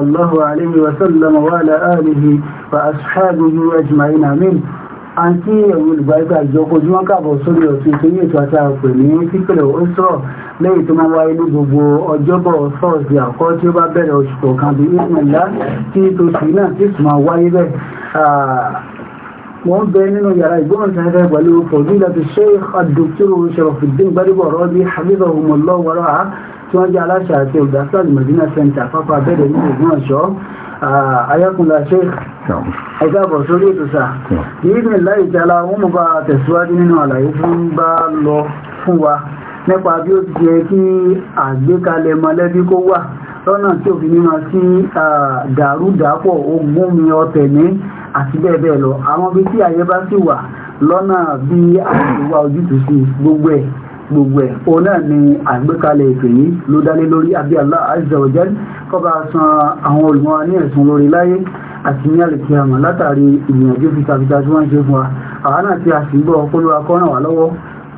الله عليه وسلم وعلى آله وأصحابه أجمعين آمين àti ẹ̀yìn olùgbàgbà ìjọkó tí wọ́n kàbọ̀ sórí ọ̀tún tó yí ètò àti àpè ní pípẹ̀lẹ̀ òṣọ́ lẹ́yìn tó máa wáyé ní gbogbo ọjọ́bọ̀ sọ́ọ̀sì àkọ́ tí ó bá bẹ̀rẹ̀ oṣù kọ̀ọ̀kan bí ìrìnlá tí tó sì náà tí sì máa wáyé bẹ́ẹ̀ wọ́n bẹ nínú yàrá ìgbóhùnsáfẹ́ pẹ̀lú fòdúlà ti Sheikh Dr. Sharafuddin Gbadebo Rabi hafizahumullah wàrà tí wọ́n jẹ́ aláṣẹ àti olùdásílẹ̀ Medina Center àpapọ̀ abẹ́rẹ́ ní Ògbómọ̀ṣọ́ ayákùnlá ah, sheikh ẹgbàbọ̀ sórí ètò sáà ìrìn láì jala wọ́n mọ̀ bá tẹ̀síwájú nínú àlàyé fún bá lọ fún wa nípa bí ó ti jẹ́ kí àgbékalẹ̀ mọ̀lẹ́bí kó wà lọ́nà tí òfin mímọ sí ah, dàrúdàpọ̀ ogun mi ọ̀tẹ̀ ní àti bẹ́ẹ̀ bẹ́ẹ̀ lọ àwọn bí tí àyè bá sì wà lọ́nà bí àti ìwà ojútùú sí gbogbo ẹ̀ gbogbo ẹ̀ òun náà ni àgbékalẹ̀ ètò yìí ló dálé lórí àbí Allah azza wa jal kọ́ba san àwọn olùmọ́ra ní ẹ̀sùn lórí láyé àti ní àlèkè àmọ́ látàrí ìgbìyànjú fitafita tí wọ́n ń ṣe fún wa àwọn náà ti àṣìgbọ́ ọpọlọwà kọ́ràn wà lọ́wọ́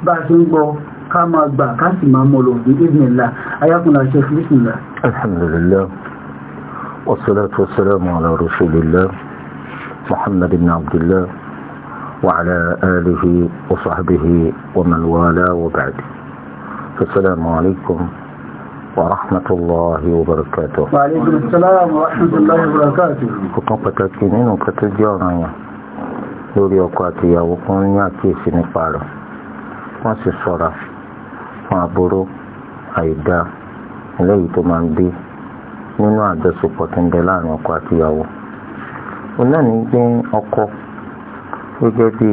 bá a ṣe ń gbọ́ ká máa gbà ká sì máa mọ̀ lọ bí ìdìnnìlá ayákùnlá ṣe fìlísìnlá. alhamdulillah wassalatu wassalamu ala rasulillah muhammad ibn وعلى آله وصحبه ومن والاه وبعد السلام عليكم ورحمة الله وبركاته وعليكم السلام ورحمة الله وبركاته kọ̀kan pàtàkì nínú nǹkan tó jẹ́ ọ̀ràn yẹn lórí ọkọ àti ìyàwó kan ní àkíyèsí nípa rẹ̀ wọ́n sì ṣọ́ra fún aburú àìdá eléyìí tó máa ń bí nínú àjọṣepọ̀ tó ń bẹ láàrin ọkọ àti ìyàwó ní gbé ọkọ gẹ́gẹ́ bí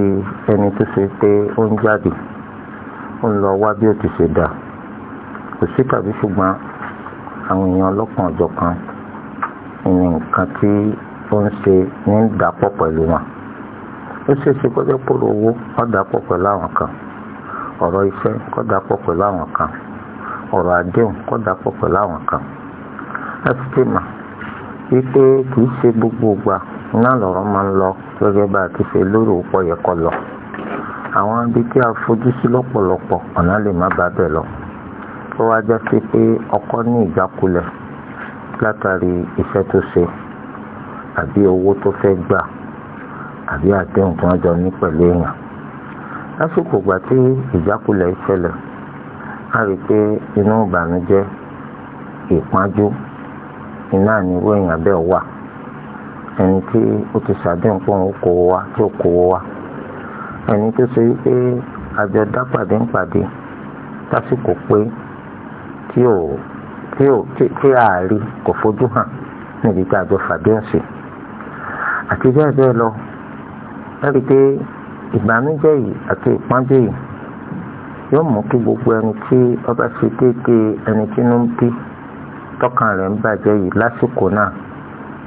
ẹni tó ṣe pé ó ń jáde ó ń lọ wá bí ó ti ṣe dà kò sí tàbí ṣùgbọ́n àwọn èèyàn ọlọ́kan ọ̀jọ̀ kan ìyẹn nǹkan tí ó ń ṣe ní ìdàpọ̀ pẹ̀lú wọn ó ṣe é ṣe kọjá pòrò owó kọ́ dàpọ̀ pẹ̀lú àwọn kan ọ̀rọ̀ iṣẹ́ kọ́ dàpọ̀ pẹ̀lú àwọn kan ọ̀rọ̀ àdéhùn kọ́ dàpọ̀ pẹ̀lú àwọn kan láti tèmà wípé kì í ṣe gbogbo ìgbà iná lọ̀rọ̀ máa ń lọ gẹ́gẹ́ bá a ti ṣe lérò pọ̀ yẹ kọ́ lọ àwọn ibi tí a fojú sí lọ́pọ̀lọpọ̀ ọ̀nà lè má bàa bẹ̀ lọ tó wá jẹ́ sí pé ọkọ ní ìjákulẹ̀ látàrí iṣẹ́ tó ṣe àbí owó tó fẹ́ gbà àbí àdéhùn tí wọ́n jọ ní pẹ̀lú èèyàn lásìkò ìgbà tí ìjákulẹ̀ ìṣẹ̀lẹ̀ a rí pé inú ìbànújẹ́ ìpájú iná ní irú èèyàn bẹ́ẹ̀ wà ẹni tí ó ti ṣàdéhùn pọ̀ ń kó wa tí ó kó wa ẹni tó ṣe wípé àjọ dápàdé ń pàdé lásìkò pé tí ò tí ò tí ààrí kò fojú hàn níbi tí àjọ fàdéhùn àti bẹ́ẹ̀ bẹ́ẹ̀ lọ lórí pé ìbànújẹ́ yìí àti ìpọ́njẹ́ yìí yóò mú kí gbogbo ẹni tí ọba ṣe kéèké ẹni tí inú ń bí tọkàn rẹ̀ ń bàjẹ́ yìí lásìkò náà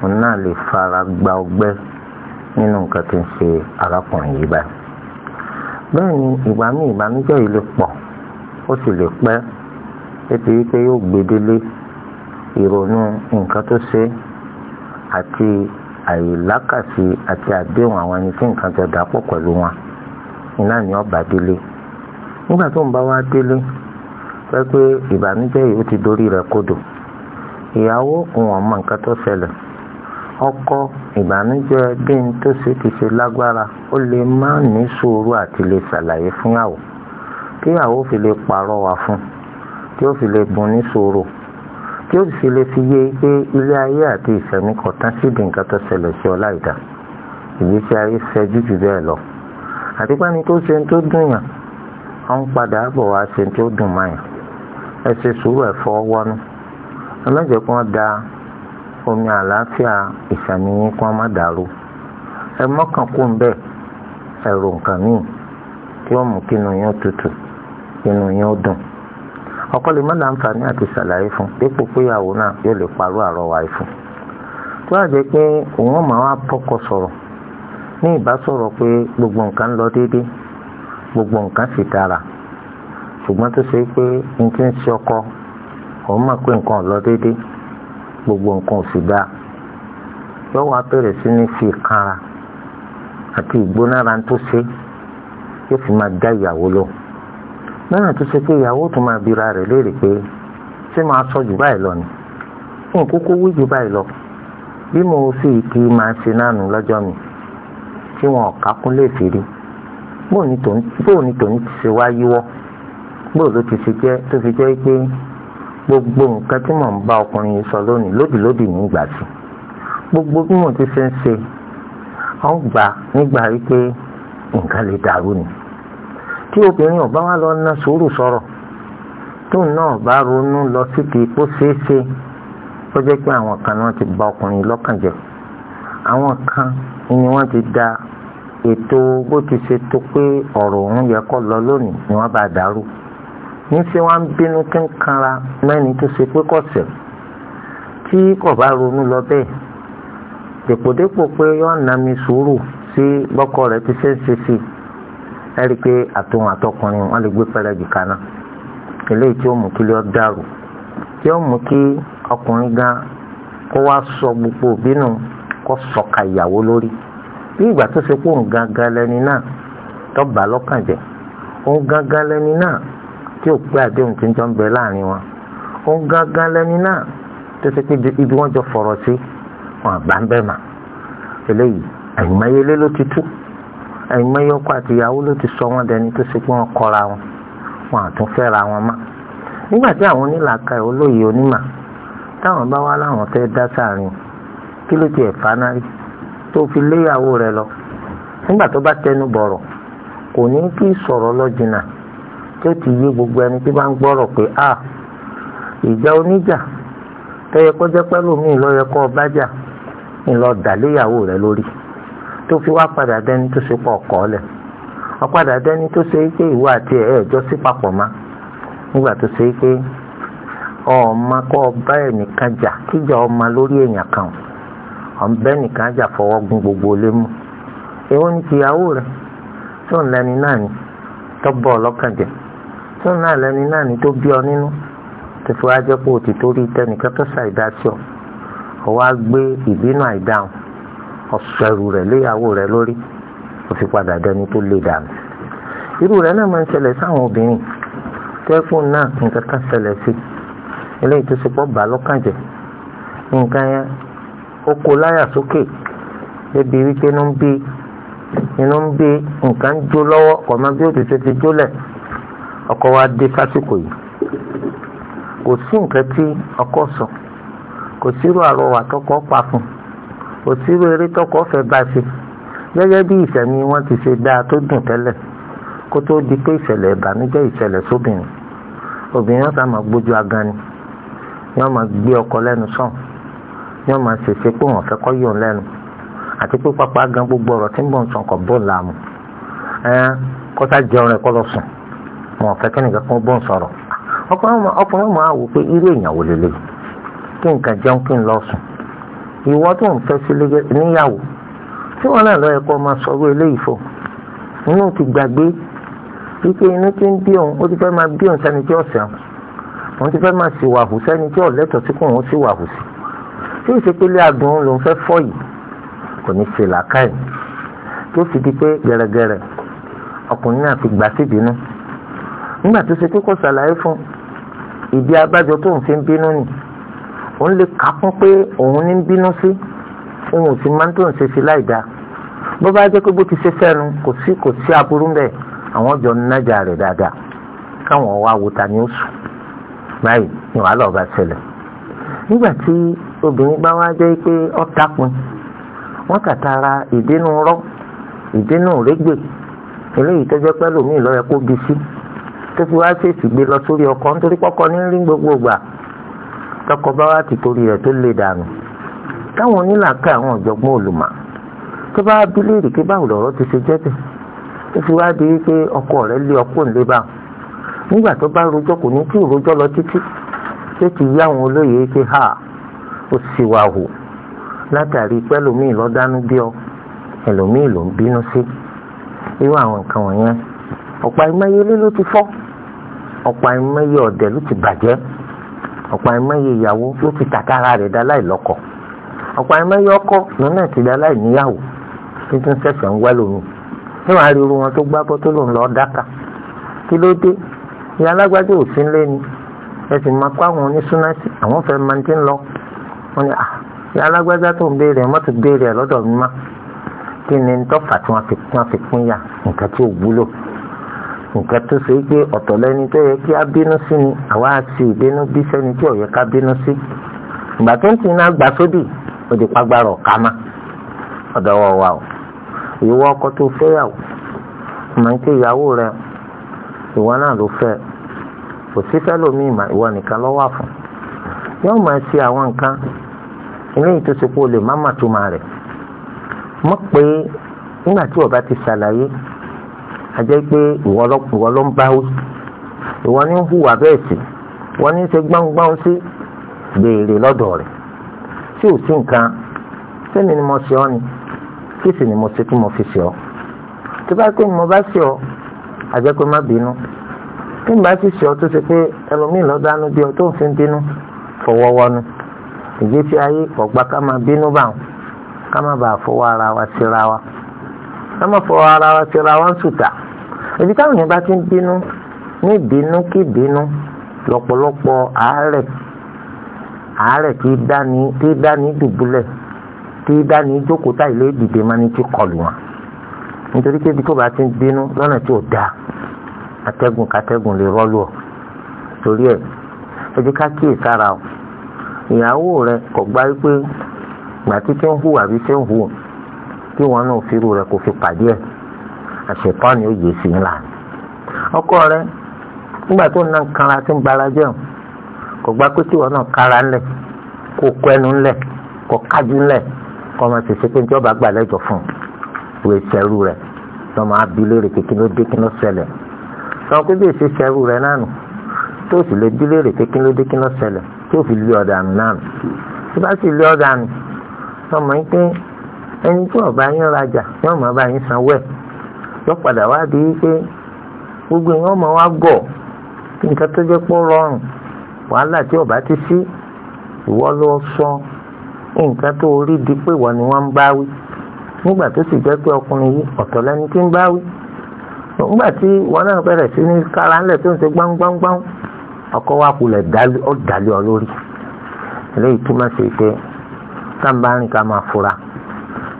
òun náà lè fara gba ọgbẹ́ nínú nǹkan tó ń ṣe arákùnrin yìí báyìí bẹ́ẹ̀ ni ìgbà míì ìbànújẹ́ yìí lè pọ̀ ó sì lè pẹ́ títí wípé yóò gbedele ìrònú nǹkan tó ṣe àti àìlákàsí àti àdéhùn àwọn ẹni tí nǹkan tó dà pọ̀ pẹ̀lú wọn iná ni ọba délé nígbà tó ń bá wá délé pẹ́ pé ìbànújẹ́ yìí ó ti dorí rẹ̀ kodò ìyàwó òun ọmọ nǹkan tó ṣẹlẹ̀ ọkọ ìbànújẹ́ ẹbí ń tó ṣe ti ṣe lágbára ó lè má ní sùúrù àti lè ṣàlàyé fúnyàwó kíyàwó fi lè pàrọwà fún tí ó fi lè bùn ní sùúrù tí ó sì lè fi yé pé ilé ayé àti ìṣẹ̀mí kọ̀tán síbi nǹkan tó ṣẹlẹ̀ sí ọlá ìdá ìgbésí ayé fẹjú jù bẹ́ẹ̀ lọ àti pẹ́ni tó ṣe tó dùn yàn ó ń padà bọ̀ wá ṣe tó dùn máa yàn ẹ ṣe sùúrù ẹ̀fọ́ wọnú ẹ má jẹ́ kí wọ́n da omi àlàáfíà ìsàmì yín kó má dàrú ẹ mọ́kàn kó ń bẹ́ẹ̀ ẹ̀rọ nǹkan míì kí ó mú kínú yín ó tutù kínú yín ó dùn ọkọ lè má láǹfààní àti ṣàlàyé fún dípò pé ìyàwó náà yóò lè parọ́ àrọwà ìfún tó wà pé òun ọmọ wa pọkọ sọ̀rọ̀ ní ìbásọ̀rọ̀ pé gbogbo nǹkan lọ gbogbo nǹkan sì dára ṣùgbọ́n tó ṣe pé ọkọ òun pé nǹkan lọ gbogbo nǹkan oṣù dáa yóò wá bẹ̀rẹ̀ sí ní fi kanra àti ìgbónára tó ṣe yóò fi máa dá ìyàwó lọ lọ́nà tó ṣe pé ìyàwó tó máa bira rẹ̀ léèrè pé ṣé máa sọ jù báyìí lọ ni fún kókó wí jù báyìí lọ bí mo sì kí máa ṣe nánu lọ́jọ́ mi tí wọn ò kákún lè fi rí bóò ni tòun ti ṣe wá yíwọ́ bóò ló ti ṣe jẹ́ tó fi jẹ́ pé gbogbo nǹkan tí mò ń bá ọkùnrin yìí sọ lónìí lódìlódì nígbà tí gbogbo bí mo ti ṣe ń ṣe ọ gbà nígbà wípé nǹkan lè dàrú ni tí obìnrin ọba wa lọ ná sùúrù sọ̀rọ̀ tó náà bá ronú lọ síbi kó ṣeé ṣe ó jẹ́ pé àwọn kan náà ti bà ọkùnrin lọ́kàn jẹ́ àwọn kan ni wọ́n ti da ètò bó ti ṣe tó pé ọ̀rọ̀ òun yẹ kó lọ lónìí ni wọ́n bá dàrú níṣẹ́ wá ń bínú kí ń kanra mẹ́ni tó ṣe pé kọ̀sẹ̀ tí kò bá ronú lọ bẹ́ẹ̀ dèpòdépò pé yóò na mi sùúrù sí bọ́kọ rẹ̀ ti ṣe ń ṣe sí ẹ rí i pé àtòhun àtọkùnrin wọn lè gbé pẹrẹgì kaná eléyìí tí ó mú kí lè ọ dàrú tí ó mú kí ọkùnrin gan kó wá sọ gbogbo bínú kó sọka ìyàwó lórí bí ìgbà tó ṣe pé òun gangan lẹni náà tó bà lọ́kàn jẹ́ òun gangan lẹni náà tí ò pé àdéhùn tí ń jọ ń bẹ láàrin wọn òun gángan lẹni náà tó pé ibi wọn jọ fọrọ sí wọn àgbà ń bẹ̀ mà eléyìí àyìnmáyélé ló ti tú àyìnmáyé ọkọ ló ti sọ wọn dẹni tó ṣe pé wọn kọra wọn wọn àtún wọn nígbà tí àwọn olóyè onímà táwọn bá wá láwọn dá sáàrin kí ló ti náà rí tó fi léyàwó lọ nígbà tó bá tẹnu kò ní kí lọ jìnnà tó ti yé gbogbo ẹni tí bá ń gbọ́rọ̀ pé a ìjà oníjà tẹ́yẹ kó jẹ́ pẹ́lú mi lọ́yẹ kó ọba jà rẹ lórí tó fi wá padà dẹni tó ṣe pọ̀ ọkọ̀ lẹ̀ ọ̀padà dẹni tó ṣe pé ìwọ àti ẹ̀ ẹ̀jọ́ sí ma nígbà tó ṣe pé ọba ẹnìkan jà kíjà lórí èèyàn kan ọ̀nbẹ́ nìkan jà fọwọ́ gun gbogbo lé mú ni rẹ tó ń lẹni náà ni tọ́gbọ́ ọlọ́kàn tó náà lẹni náà ní tó bí ọ nínú tẹfẹ wá jẹ pé òtí torí tẹnìkan tó ṣàìdásí ọ ọwọ á gbé ìbínú àìdáhùn ọsẹrù rẹ léyàwó rẹ lórí ó fi padà dẹni tó lè dànù irú rẹ náà máa ń ṣẹlẹ̀ sáwọn obìnrin tẹkùn náà nǹkan kan ṣẹlẹ̀ sí eléyìí tó ṣe pọ̀ bà lọ́kàn jẹ́ nǹkan yẹn ó kó láyà sókè débi wípé inú ń bí inú ń bí nǹkan jó lọ́wọ́ kọ̀ọ̀mọ́ bí ó ti jólẹ̀ ọkọ wa dé sásìkò yìí kò sí nǹkan tí ọkọ sọ kò sírò àrọwà tọkọ pa fún kò sírò eré tọkọ fẹ́ bá ṣe gẹ́gẹ́ bí ìsẹ̀mí wọn ti ṣe dáa tó dùn tẹ́lẹ̀ kó tó di pé ìṣẹ̀lẹ̀ ìbànújẹ́ ìṣẹ̀lẹ̀ sóbìnrin obìnrin yóò máa gbójú agan ni yóò máa gbé ọkọ lẹ́nu sàn yóò máa ṣèṣe pé wọ́n fẹ́ kọ́ yọ̀ lẹ́nu àti pé pápá gan gbogbo ọ̀rọ̀ tí ń bọ̀ ń sàn kọ̀ bó làmù ẹ̀ kọ́sá jẹun rẹ̀ kọ́ lọ sùn wọn fẹ́ kẹ́nìkan kan bọ́ ń sọ̀rọ̀ ọkùnrin máa wò pé irú èèyàn wò lélẹ̀ kí nǹkan jẹun kí n lọ sùn ìwọ tó ń fẹ́ sílé níyàwó tí wọn náà lọ ẹ̀kọ́ máa sọ̀rọ̀ eléyìí fò inú ti gbàgbé wípé inú ti ń bí òun ó ti fẹ́ máa bí òun sẹ́ni tí ó sẹ́wọ̀n òun ti fẹ́ máa sì wàhù sẹ́ni tí ó lẹ́tọ̀ọ́ sí kóun ó sì wàhù sí tí ìṣepele àdùn ló ń fẹ́ fọ́ yìí kò ní ṣe làákàyè tó fi di pé gẹ̀rẹ́gẹ̀rẹ́ ọkùnrin náà fi gbà síbínú. Si nígbà tó ṣe pé kò ṣàlàyé fún ìdí abájọ tó ń fi ń bínú nì òun lè kà kún pé òun ní ń bínú sí òun ò sì máa ń tó ń ṣe sí láì dáa bó bá jẹ́ pé bó ti ṣe sẹ́nu kò sí kò sí aburú ń bẹ̀ àwọn jọ ń nájà rẹ̀ dáadáa káwọn wá wo ta ni ó sùn báyìí ni wàhálà ọba ṣẹlẹ̀ nígbà tí obìnrin bá wá jẹ́ pé ó dápin wọ́n kàtara ìdínú rọ́ ìdínú rẹ́gbẹ̀ eléyìí tó pẹ́ lòmíì lọ́yẹ kó bí sí tó fi wá ṣèṣì gbé lọ sórí ọkọ nítorí pọ́kọ ní rí gbogbo gbà tọkọ bá wá ti torí rẹ̀ tó lè dànù táwọn onílàákà àwọn ọ̀jọ̀gbọ́n olùmọ̀ tó bá bí léèrè pé báwo lọ̀rọ̀ ti ṣe jẹ́ bẹ̀ tó fi wá di pé ọkọ rẹ̀ lé ọkọ ńlé bá nígbà tó bá rojọ́ kò ní tí ìrojọ́ lọ títí tó ti yá àwọn olóyè pé ha ó sì wà hù látàrí pẹ́lòmíì lọ́dánú bí ọ ẹlòmíì ló ń bínú sí irú àwọn nǹkan wọ̀nyẹn ọ̀pá ìmọ̀yẹlé ló ti fọ́ ọ̀pọ̀ àìmọye ọ̀dẹ̀ ló ti bàjẹ́ ọ̀pọ̀ àìmọye ìyàwó ló ti tàkàrà rẹ̀ dá láì lọ́kọ ọ̀pọ̀ àìmọye ọkọ lòun náà ti dá láì níyàwó títún ṣẹ̀ṣẹ̀ ń wá lómi ní wàá rí irú wọn tó gbágbọ́ tó lòun lọ́ọ́ dáka kí ló dé ìyá alágbájá ò sí nílé ni ẹ sì máa kó àwọn oníṣúnáṣì àwọn fẹ́ máa ti ń lọ wọn ni ìyá alágbájá tó ń béèrè ẹ mọ́tò béèrè ẹ lọ́dọ̀ mi má kí ni tọ́fà tí wọ́n fi pín yà nǹkan tí ò wúlò nke tó ṣe pé ọ̀tọ̀ lẹ́ni tó yẹ kí bínú sí ni àwa àti ìbínú bí sẹ́ni tí ò yẹ ká bínú sí ìgbà tó ń tì náà gbà sódì ó di ọ̀dọ̀ wọ̀ wà o ìwọ ọkọ tó fẹ́yàwó màá ké ìyàwó rẹ ìwọ náà ló fẹ́ kò lómi ìmọ̀ ìwọ nìkan lọ́wọ́ yóò máa ṣe àwọn nǹkan o lè má màtúmọ̀ rẹ̀ nígbà tí ti ṣàlàyé àjẹ́ pé ìwọ ló ń bá ó ìwọ ní hùwà bẹ́ẹ̀ sí wọ́n ní ṣe gbọ́ngbọ́n sí béèrè lọ́dọ̀ rẹ̀ tí ò sí nǹkan sẹ́ni ni mo ṣe ọ́ ni kí sì ni mo ṣe tí mo fi ṣe ọ́ tó bá pé mo bá ṣe ọ́ àjẹ́ pé má bínú tí mo bá sì ṣe ọ́ tó ṣe pé ẹlòmíì lọ́ dánú bí ọ tó ń fi bínú fọwọ́wọ́nu ìgbésí ayé ọ̀gbá ká máa bínú bá wọn ká má bàa fọwọ́ ara wa síra wa ẹ má fọ ara wa ti ra wọn sùtà ibi táwọn yẹn bá ti ń bínú ní ìbínú kí ìbínú lọ́pọ̀lọpọ̀ àárẹ̀ àárẹ̀ tí dání tí dání dùbúlẹ̀ tí dání jókòó táyì lé dìde máa ní kí kọlù wọn nítorí pé ibi tó bá ti ń bínú lọ́nà tí ò dáa atẹ́gùn katẹ́gùn lè rọ́lù ọ́ torí ẹ jẹ́ ká kíyè sára ìyàwó rẹ kò gbá wípé gbàtí tí ń hùwà bí tí ń hùwà. kí wọn náà fírù rẹ kò fi pàdé ẹ àṣepọ́ni ó yè sí ńlá ọkọ rẹ nígbà tó ń ná kanra tí ń gbára jẹun kò gbá pé tíwọ náà kára ńlẹ̀ kọ ẹnu ńlẹ̀ kò kájú ńlẹ̀ kó ọmọ tètè pé níjọba gbà lẹ́jọ́ fún un wèé rẹ kí ló dé kí ló ṣẹlẹ̀ sọ pé bí èsì ẹni tí ọba yín rajà yóò máa bá yín sanwó ẹ̀ yóò padà wá di wípé gbogbo èèyàn máa wá gọ̀ kí nǹkan tó jẹ́ pọ̀ rọrùn wàhálà tí ọba ti sí ìwọ ló sọ nǹkan tó rí di pé ìwọ ni wọ́n ń bá wí nígbà tó sì jẹ́ pé ọkùnrin yìí ọ̀tọ̀ lẹni tí ń bá wí nígbà tí wọn náà bẹ̀rẹ̀ sí ní kára ńlẹ̀ tó ń ṣe gbáńgbáńgbáń ọkọ̀ wa kulẹ̀ ó dàlẹ́ ọ lórí eléyìí túmọ̀ sí pé táǹbà ń ká máa fura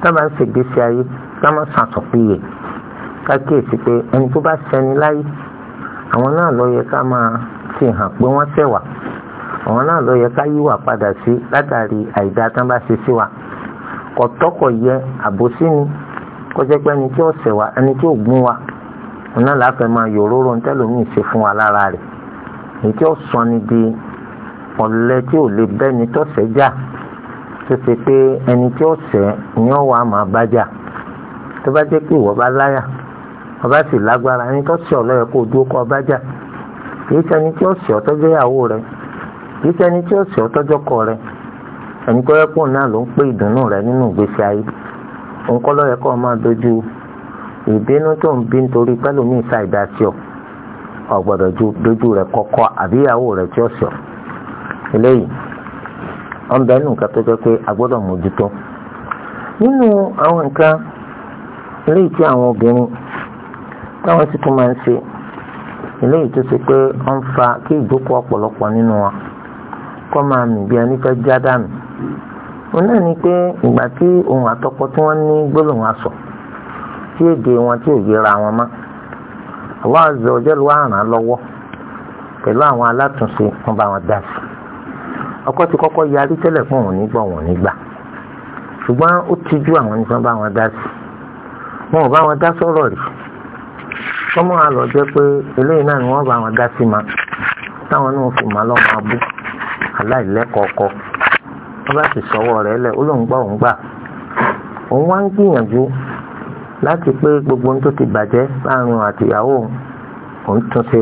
tábà ń ṣègbésí ayé ká má ṣàtúnpìyè ká kíyèsí pé ẹni tó bá ṣẹni láyé àwọn náà ló yẹ ká máa fi hàn pé wọ́n ṣẹ̀ wá àwọn náà ló yẹ ká yíwà padà sí látàrí àìdá tán bá ṣe sí wa kọ̀tọ́kọ̀ yẹ àbòsí ni kọjá pé ẹni tí ó ṣẹ̀ wá ẹni tí ó gún wa iná láfẹ́ máa yòróró ń tẹ́lómi ṣe fún wa lára rẹ̀ èyí tí ó sọ ni di ọ̀lẹ tí ò lè bẹ́ni tọ́sẹ̀ já. tó pé ẹni tí ó ṣẹ̀ ni ó wà máa tó bá jẹ́ pé ìwọ bá láyà ọba sì lágbára ẹni tó ṣẹ̀ ọlọ́yẹ kó dúró kọ́ kìí tí ó ṣẹ̀ ọtọ́jọ́ rẹ ẹni tó náà ló ń pé ìdùnnú rẹ nínú ìgbésí ayé òun kọ́ lọ́yẹ máa dojú ìbínú tó ń bí nítorí ọ dojú rẹ kọ́kọ́ àbí ìyàwó rẹ tí ó ọ eléyìí ọ̀nbẹ nù nǹkan tó jẹ́ pé a gbọ́dọ̀ mójútó nínú àwọn nǹkan eléyìí tí àwọn obìnrin táwọn sì tún máa ń ṣe eléyìí tó ṣe pé ó ń fa kí ìjókòó ọ̀pọ̀lọpọ̀ nínú wọn kọ́ máa mì bí ẹni fẹ́ já dànù òun ni pé ìgbà tí ohun àtọkọ tí wọ́n ní gbólóhùn aṣọ tí èdè wọn tí ò yẹra wọn mọ́ àwọn àzọ ọjọ́ ló wà ràn án lọ́wọ́ pẹ̀lú wọn bá ọkọ ti kọ́kọ́ yarí tẹ́lẹ̀ fún òun nígbà òun nígbà ṣùgbọ́n ó tijú àwọn ní sọ́n bá wọn dá sí wọn ò bá wọn dá sọ̀rọ̀ rí sọ́mọ́ àlọ́ jẹ́ pé eléyìí náà ni wọ́n bá wọn dá sí ma táwọn náà fi màá lọ́mọ abú aláìlẹ́kọ̀ọ́kọ́ wọ́n bá sì sọ́wọ́ rẹ̀ lẹ̀ ó lóun gbà òun gbà òun wá ń gbìyànjú láti pé gbogbo ohun tó ti bàjẹ́ láàrin àtìyàwó òun tún ṣe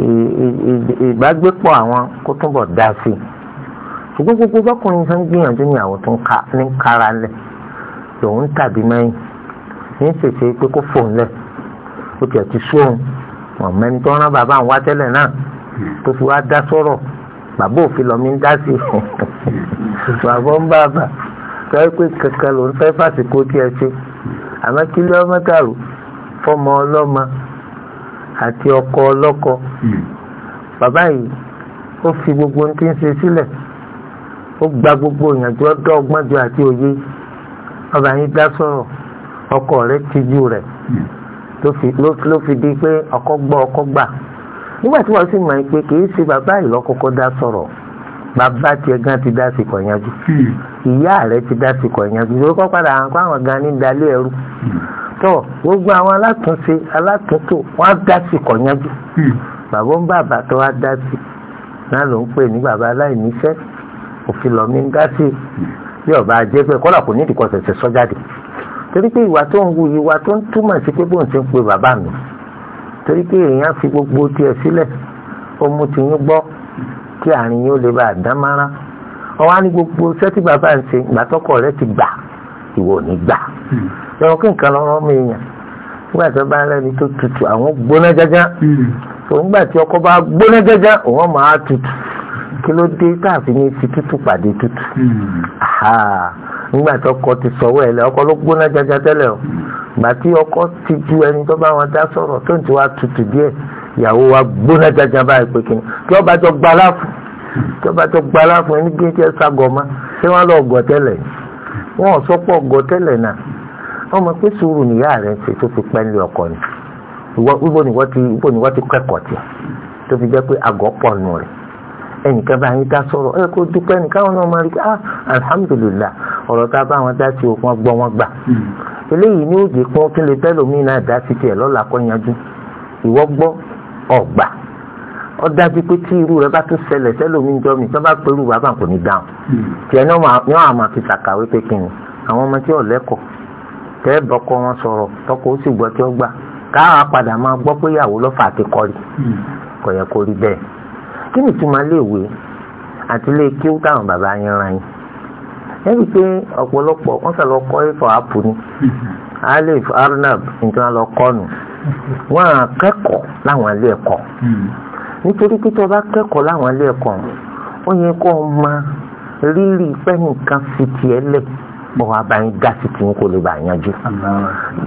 ìgbàgbépọ̀ àwọn kó túbọ̀ dá sí i ṣùgbọ́n gbogbo bọ́kùnrin tó ń gbìyànjú ní àwọn tó ń kára lẹ̀ lòun tàbí mẹ́yìn ní ṣèṣe pé kó fòun lẹ̀ ó tiẹ̀ ti sú òun wọn mẹ́ni tó rán bàbá àwọn wá tẹ́lẹ̀ náà tó fi wá dá sọ̀rọ̀ bàbá òfin lọ́mí ń dá sí i bàbá ń bàbà tó yẹ pé kankan lòun fẹ́ fàṣìkò tiẹ̀ ṣe àmọ́ kí fọmọ ọlọ́mọ àti ọkọ ọlọ́kọ hmm. bàbá yìí ó fi gbogbo ohun tí ń ṣe sílẹ̀ ó gba gbogbo ìyànjú ọdọ́ ọgbọ́njọ àti òye ọba yín dá sọ̀rọ̀ ọkọ rẹ̀ tijú rẹ̀ hmm. ló fi di pé ọkọ gbọ́ ọkọ gbà nígbà tí wọ́n sì mọ̀ pé kì í ṣe bàbá yìí lọ́kọ́kọ́ dá sọ̀rọ̀ bàbá tiẹ̀ gan ti dá sí kọ̀ọ̀yanjú hmm. ìyá rẹ̀ ti dá sí kọ̀ọ̀yanjú lórúkọ padà tó gbogbo àwọn alátúnṣe alátúntò wọn á dá sí kọ̀nyájú hmm. bàbá ń bàbá tó wá dá sí náà ló ń pè ní bàbá aláìníṣẹ́ òfin lọ́mí ń dá sí bí ọba ajẹ́ pé kọ́lá kò ní ìdíkọ̀ ṣẹ̀ṣẹ̀ sọ jáde torí pé ìwà tó ń wu ìwà tó ń túmọ̀ sí pé bóun ṣe ń pe bàbá mi torí pé èèyàn fi gbogbo tiẹ̀ sílẹ̀ ó mú ti yín gbọ́ kí àárín yín ó lè bá àdámárá ọwọ́ á ní gbogbo sẹ́tì bàbá ń ṣe ìgbà tọ́kọ̀ rẹ ti gbà ìwọ ní gbà ẹ̀rọ hmm. kí nǹkan lọ́rọ́ mi yàn nígbà tí wọ́n bá rẹ́ni tó tutù àwọn gbóná jájá òun hmm. gbà tí ọkọ bá gbóná jájá òun máa tutù kí ló dé káàfin ní fi tutù pàdé tutù hmm. nígbà tí ọkọ ti sọ̀wọ́ ẹ̀ lẹ́ ọkọ ló gbóná jájá tẹ́lẹ̀ o gbà tí ọkọ ti ju ẹni tó bá wọn dá sọ̀rọ̀ tó ń ti wá tutù díẹ̀ ìyàwó wa gbóná jájá báyìí pé kí ni kí ọba jọ gbalá fún tí ọba jọ gbalá fún ẹni gbé jẹ́ ságọ́mà tí wọ́n lọ gọ̀ tẹ́lẹ̀ yìí wọn ò sọpọ̀ ọgọ tẹ́lẹ̀ náà wọ́n mọ̀ pé sùúrù nìyá rẹ̀ ṣe tó fi pẹ́ńlẹ̀ ọkọ ni wíbo ni wọ́n ti wíbo ni wọ́n ti kẹ́kọ̀ọ́ tì tó fi jẹ́ pé àgọ́ pọ̀ nù rẹ̀ ẹnìkan bá yín dá sọ̀rọ̀ ẹ kó dúpẹ́ nìkan náà máa rí i ah alhamdulillah ọ̀rọ̀ tá a bá wọn dá sí o wọ́n gbọ́ wọn gbà hmm. eléyìí ní òjì pọ́n kí lè bẹ́ẹ̀ lómìnira dá sí tiẹ̀ lọ́la kọ́ yanjú ìwọ gbọ́ ọ̀gbà ó dájú pé tí irú rẹ bá tún ṣẹlẹ̀ sẹ́lòmíì jọ mi tí wọ́n bá pẹ̀lú bàbá kò ní dáhùn hmm. tiẹ̀ ní wọ́n àmà fi ṣàkàwé pé kìnnì àwọn ọmọ tí ò lẹ́kọ̀ọ́ tẹ́ bọ́kọ wọn sọ̀rọ̀ tọkọ ó sì gbọ́ tí ó gbà káà padà máa gbọ́ pé ìyàwó lọ́fà àti kọ́rí hmm. kò yẹ kó rí bẹ́ẹ̀ kí ni tí máa léèwé àti lè kí ó táwọn bàbá yẹn ra yín ẹni pé ọ̀pọ̀lọpọ̀ wọ́n sọ lọ kọ́ ifọ̀ apu ni hmm. alif arnab nǹkan lọ kọ́ nù wọ́n á kẹ́kọ̀ọ́ láwọn ilé ẹ̀kọ́ nítorí pé tó bá kẹ́kọ̀ọ́ láwọn ilé ẹ̀kọ́ ó yẹ kó o mọ rírì pé nìkan fi tiẹ̀ lẹ̀ bọ̀ wá bá ń ga sí tí kò lè bá yanjú.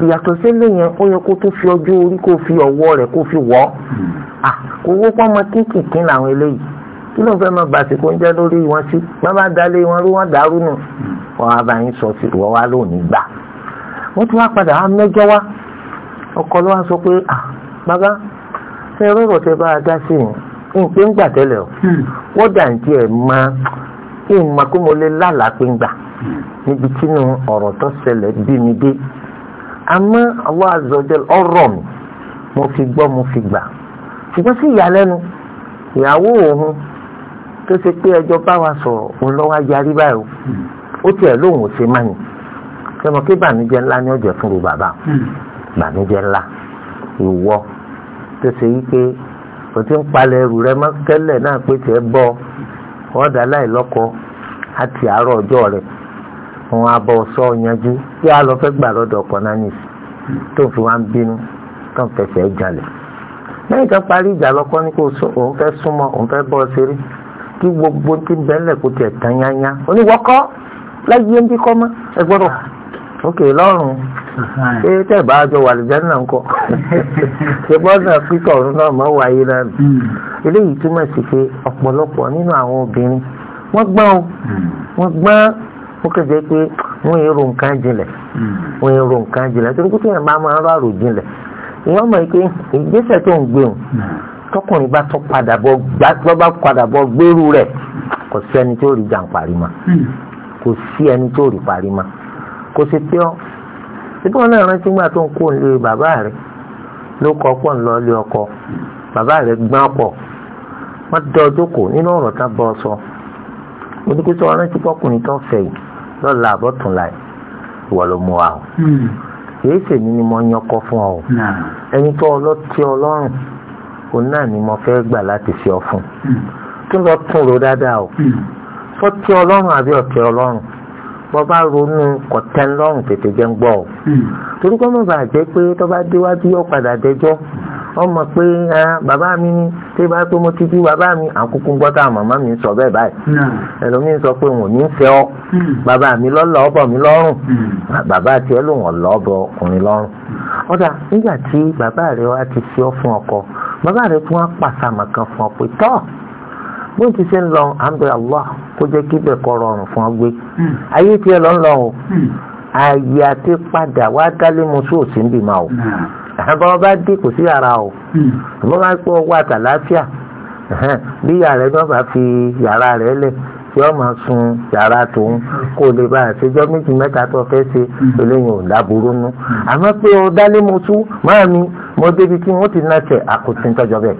ìyàtọ̀ sí lẹ́yìn ó yẹ kó tó fi ọjọ́ orí kó fi ọwọ́ rẹ̀ kó fi wọ́ kó wó pọ́nmọ kéékèèké làwọn eléyìí kí ló fẹ́ máa bàtì kó ń jẹ́ lórí wọn sí wọ́n bá dalé wọn ló wọ́n dàrú nù wọ́n wá bá yín sọ sí wọ́n wá lónìí gbà. wọ́n tún wá padà wá mẹ́jọ wá ọkọ ló wá sọ pé bàbá ṣe rọrọ tẹ bá a dá sí i nǹkan ń gbà tẹ́lẹ̀ o hmm. wọ́n dà ní tiẹ̀ máa kí n máa kó mo lè lálàá pé ń gbà hmm. níbi tínú ọ̀rọ̀ tó ṣẹlẹ̀ bí mi dé àmọ́ Allah azza jal ọ̀rọ̀ mi mo fi gbọ́ mo fi gbà ṣùgbọ́n sí ìyàlẹ́nu ìyàwó òun tó ṣe pé ẹjọ́ bá wa sọ̀rọ̀ òun lọ́wọ́ yarí báyìí hmm. ó tiẹ̀ lóun ò ṣe máa yìn sọmọ kí bànújẹ́ ńlá ni ó fún mi bàbá bànújẹ́ ńlá ìwọ tó ṣe wípé kò tí ń palẹ̀ ẹrù rẹ mọ́ tẹ́lẹ̀ náà pé tiẹ̀ bọ́ wọ́n dà láì lọ́kọ àti àárọ̀ ọjọ́ rẹ̀ wọn abọ́ sọ yanjú bí a lọ fẹ́ gbà lọ́dọ̀ ọkọ náà nìyí tó fi wá ń bínú tó ń fẹsẹ̀ jalè lẹ́yìn tó parí ìjà lọ́kọ́ ní kò sọ òun fẹ́ súnmọ́ òun fẹ́ bọ́ ṣeré kí gbogbo tí bẹ́ńlẹ̀ kò tiẹ̀ tán yányá oníwọ́kọ́ láyé ń bí kọ́ mọ́ ẹ òkè lọ́rùn ṣé tẹ̀bá àjọ wà lìjẹ́ náà ń kọ́ ṣe gbọ́dọ̀ pípọ̀ ọ̀run náà mọ́ wáyé náà hmm. eléyìí túmọ̀ sí pé ọ̀pọ̀lọpọ̀ nínú àwọn obìnrin wọ́n gbọ́n o hmm. wọ́n gbọ́n ó kéde pé wọ́n èrò nǹkan jinlẹ̀ hmm. wọ́n èrò nǹkan jinlẹ̀ torí pé kéèyàn máa máa ń rárò jinlẹ̀ ìyọ́n mọ̀ pé ìgbésẹ̀ tó ń gbé o tọkùnrin bá tó padà bọ́ bá padà bọ́ gbèrú rẹ̀ kò sí ẹni tó rí jàǹparí ma kò sí ẹni tó rí parí ma kò sì tí ọ́ síbí wọn náà rántí gbà tó ń kó lé bàbá rẹ̀ ló kọ́ pọ̀ ń lọ lé ọkọ bàbá rẹ̀ gbọ́n pọ̀ wọ́n dọ́ jókòó nínú ọ̀rọ̀ tá bọ́ sọ mo ní kí sọ rántí pọ́kùnrin tó ń fẹ̀ yìí lọ́la àbọ̀tún láì ìwọ ló mú wa o hmm. kìí ṣèmi ni mo yan ọkọ fún ọ o ẹni tó ọlọ́tí ọlọ́run òun náà ni mo fẹ́ gbà láti fi ọ fún hmm. tún lọ tún ro dáadáa o fọ́tí hmm. ọlọ́run àbí ọ̀tí ọlọ́run bọ́bá ronú kọ̀tẹ́lọ́rùn tètè jẹ́ ń gbọ́ ọ. Hmm. torí kọ́ mọ̀ bàa jẹ́ pé tó bá déwájú yóò padà dẹjọ́ wọ́n mọ̀ pé ah, bàbá mi ní tí bá tó mo ti bí bàbá mi àkókò ń gbọ́dọ̀ màmá mi sọ bẹ́ẹ̀ báyìí hmm. ẹlòmíín sọ pé wọ́n ní fẹ́ ọ hmm. bàbá mi lọ́lọ́ ọ̀bọ̀ mi lọ́rùn bàbá tiẹ̀ ló wọ̀n lọ́ ọ̀bọ̀ ọkùnrin lọ́rùn. ọ̀dà nígbà tí bàbá rẹ̀ wá ti fi ọ fún ọkọ bàbá rẹ̀ tún wá pàṣàmọ̀ kan fún ọ pé tọ́ọ̀ bí ti ṣe ń lọ àǹdọ̀ Allah kó jẹ́ kí bẹ́ẹ̀ kọ́ rọrùn fún ọ gbé hmm. ayé tiẹ̀ lọ ń lọ o hmm. ààyè àti padà wá dálé mu sí òsì ń bì máa o hmm. àbọ̀ ọba dé kò sí ara o àbọ̀ bá pọ̀ wá àtàláfíà bí yàrá rẹ̀ náà bá fi yàrá rẹ̀ lẹ̀ yọ máa sun yàrá tòun kó lè bá àṣejọ méjì mẹ́ta tó fẹ́ ṣe eléyìí ò dábòrò nú àmọ́ pé o dálé mo tú máa mi mo débi tí wọ́n ti náà tẹ̀ àkótí tọ́jọ́ bẹ́ẹ̀.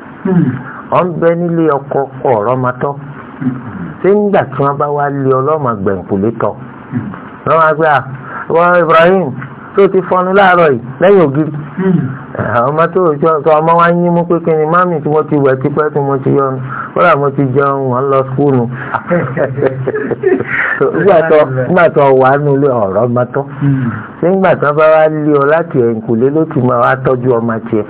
ọ̀n bẹ nílé ọkọ ọ̀rọ̀ máa tọ́ ṣé nígbà tí wọ́n bá wá lé ọlọ́mọ gbẹ̀ǹkùlé tọ́ wọ́n wá gbé àwọn Ibrahim tó ti fọnu láàárọ̀ yìí lẹ́yìn ògiri ọmọ tó sọ ọmọ wa yín mú pé kí ni mami tí mo ti wẹ̀ tipẹ́ tí mo ti yọnu kódà mo ti jẹun wọn lọ skúlù nígbà tó wà nílé ọ̀rọ̀ máa tọ́. Hmm nígbà tí wọ́n bá wá lé ọ láti ẹ̀yìnkùlé ló ti máa wá tọ́jú ọmọ tiẹ̀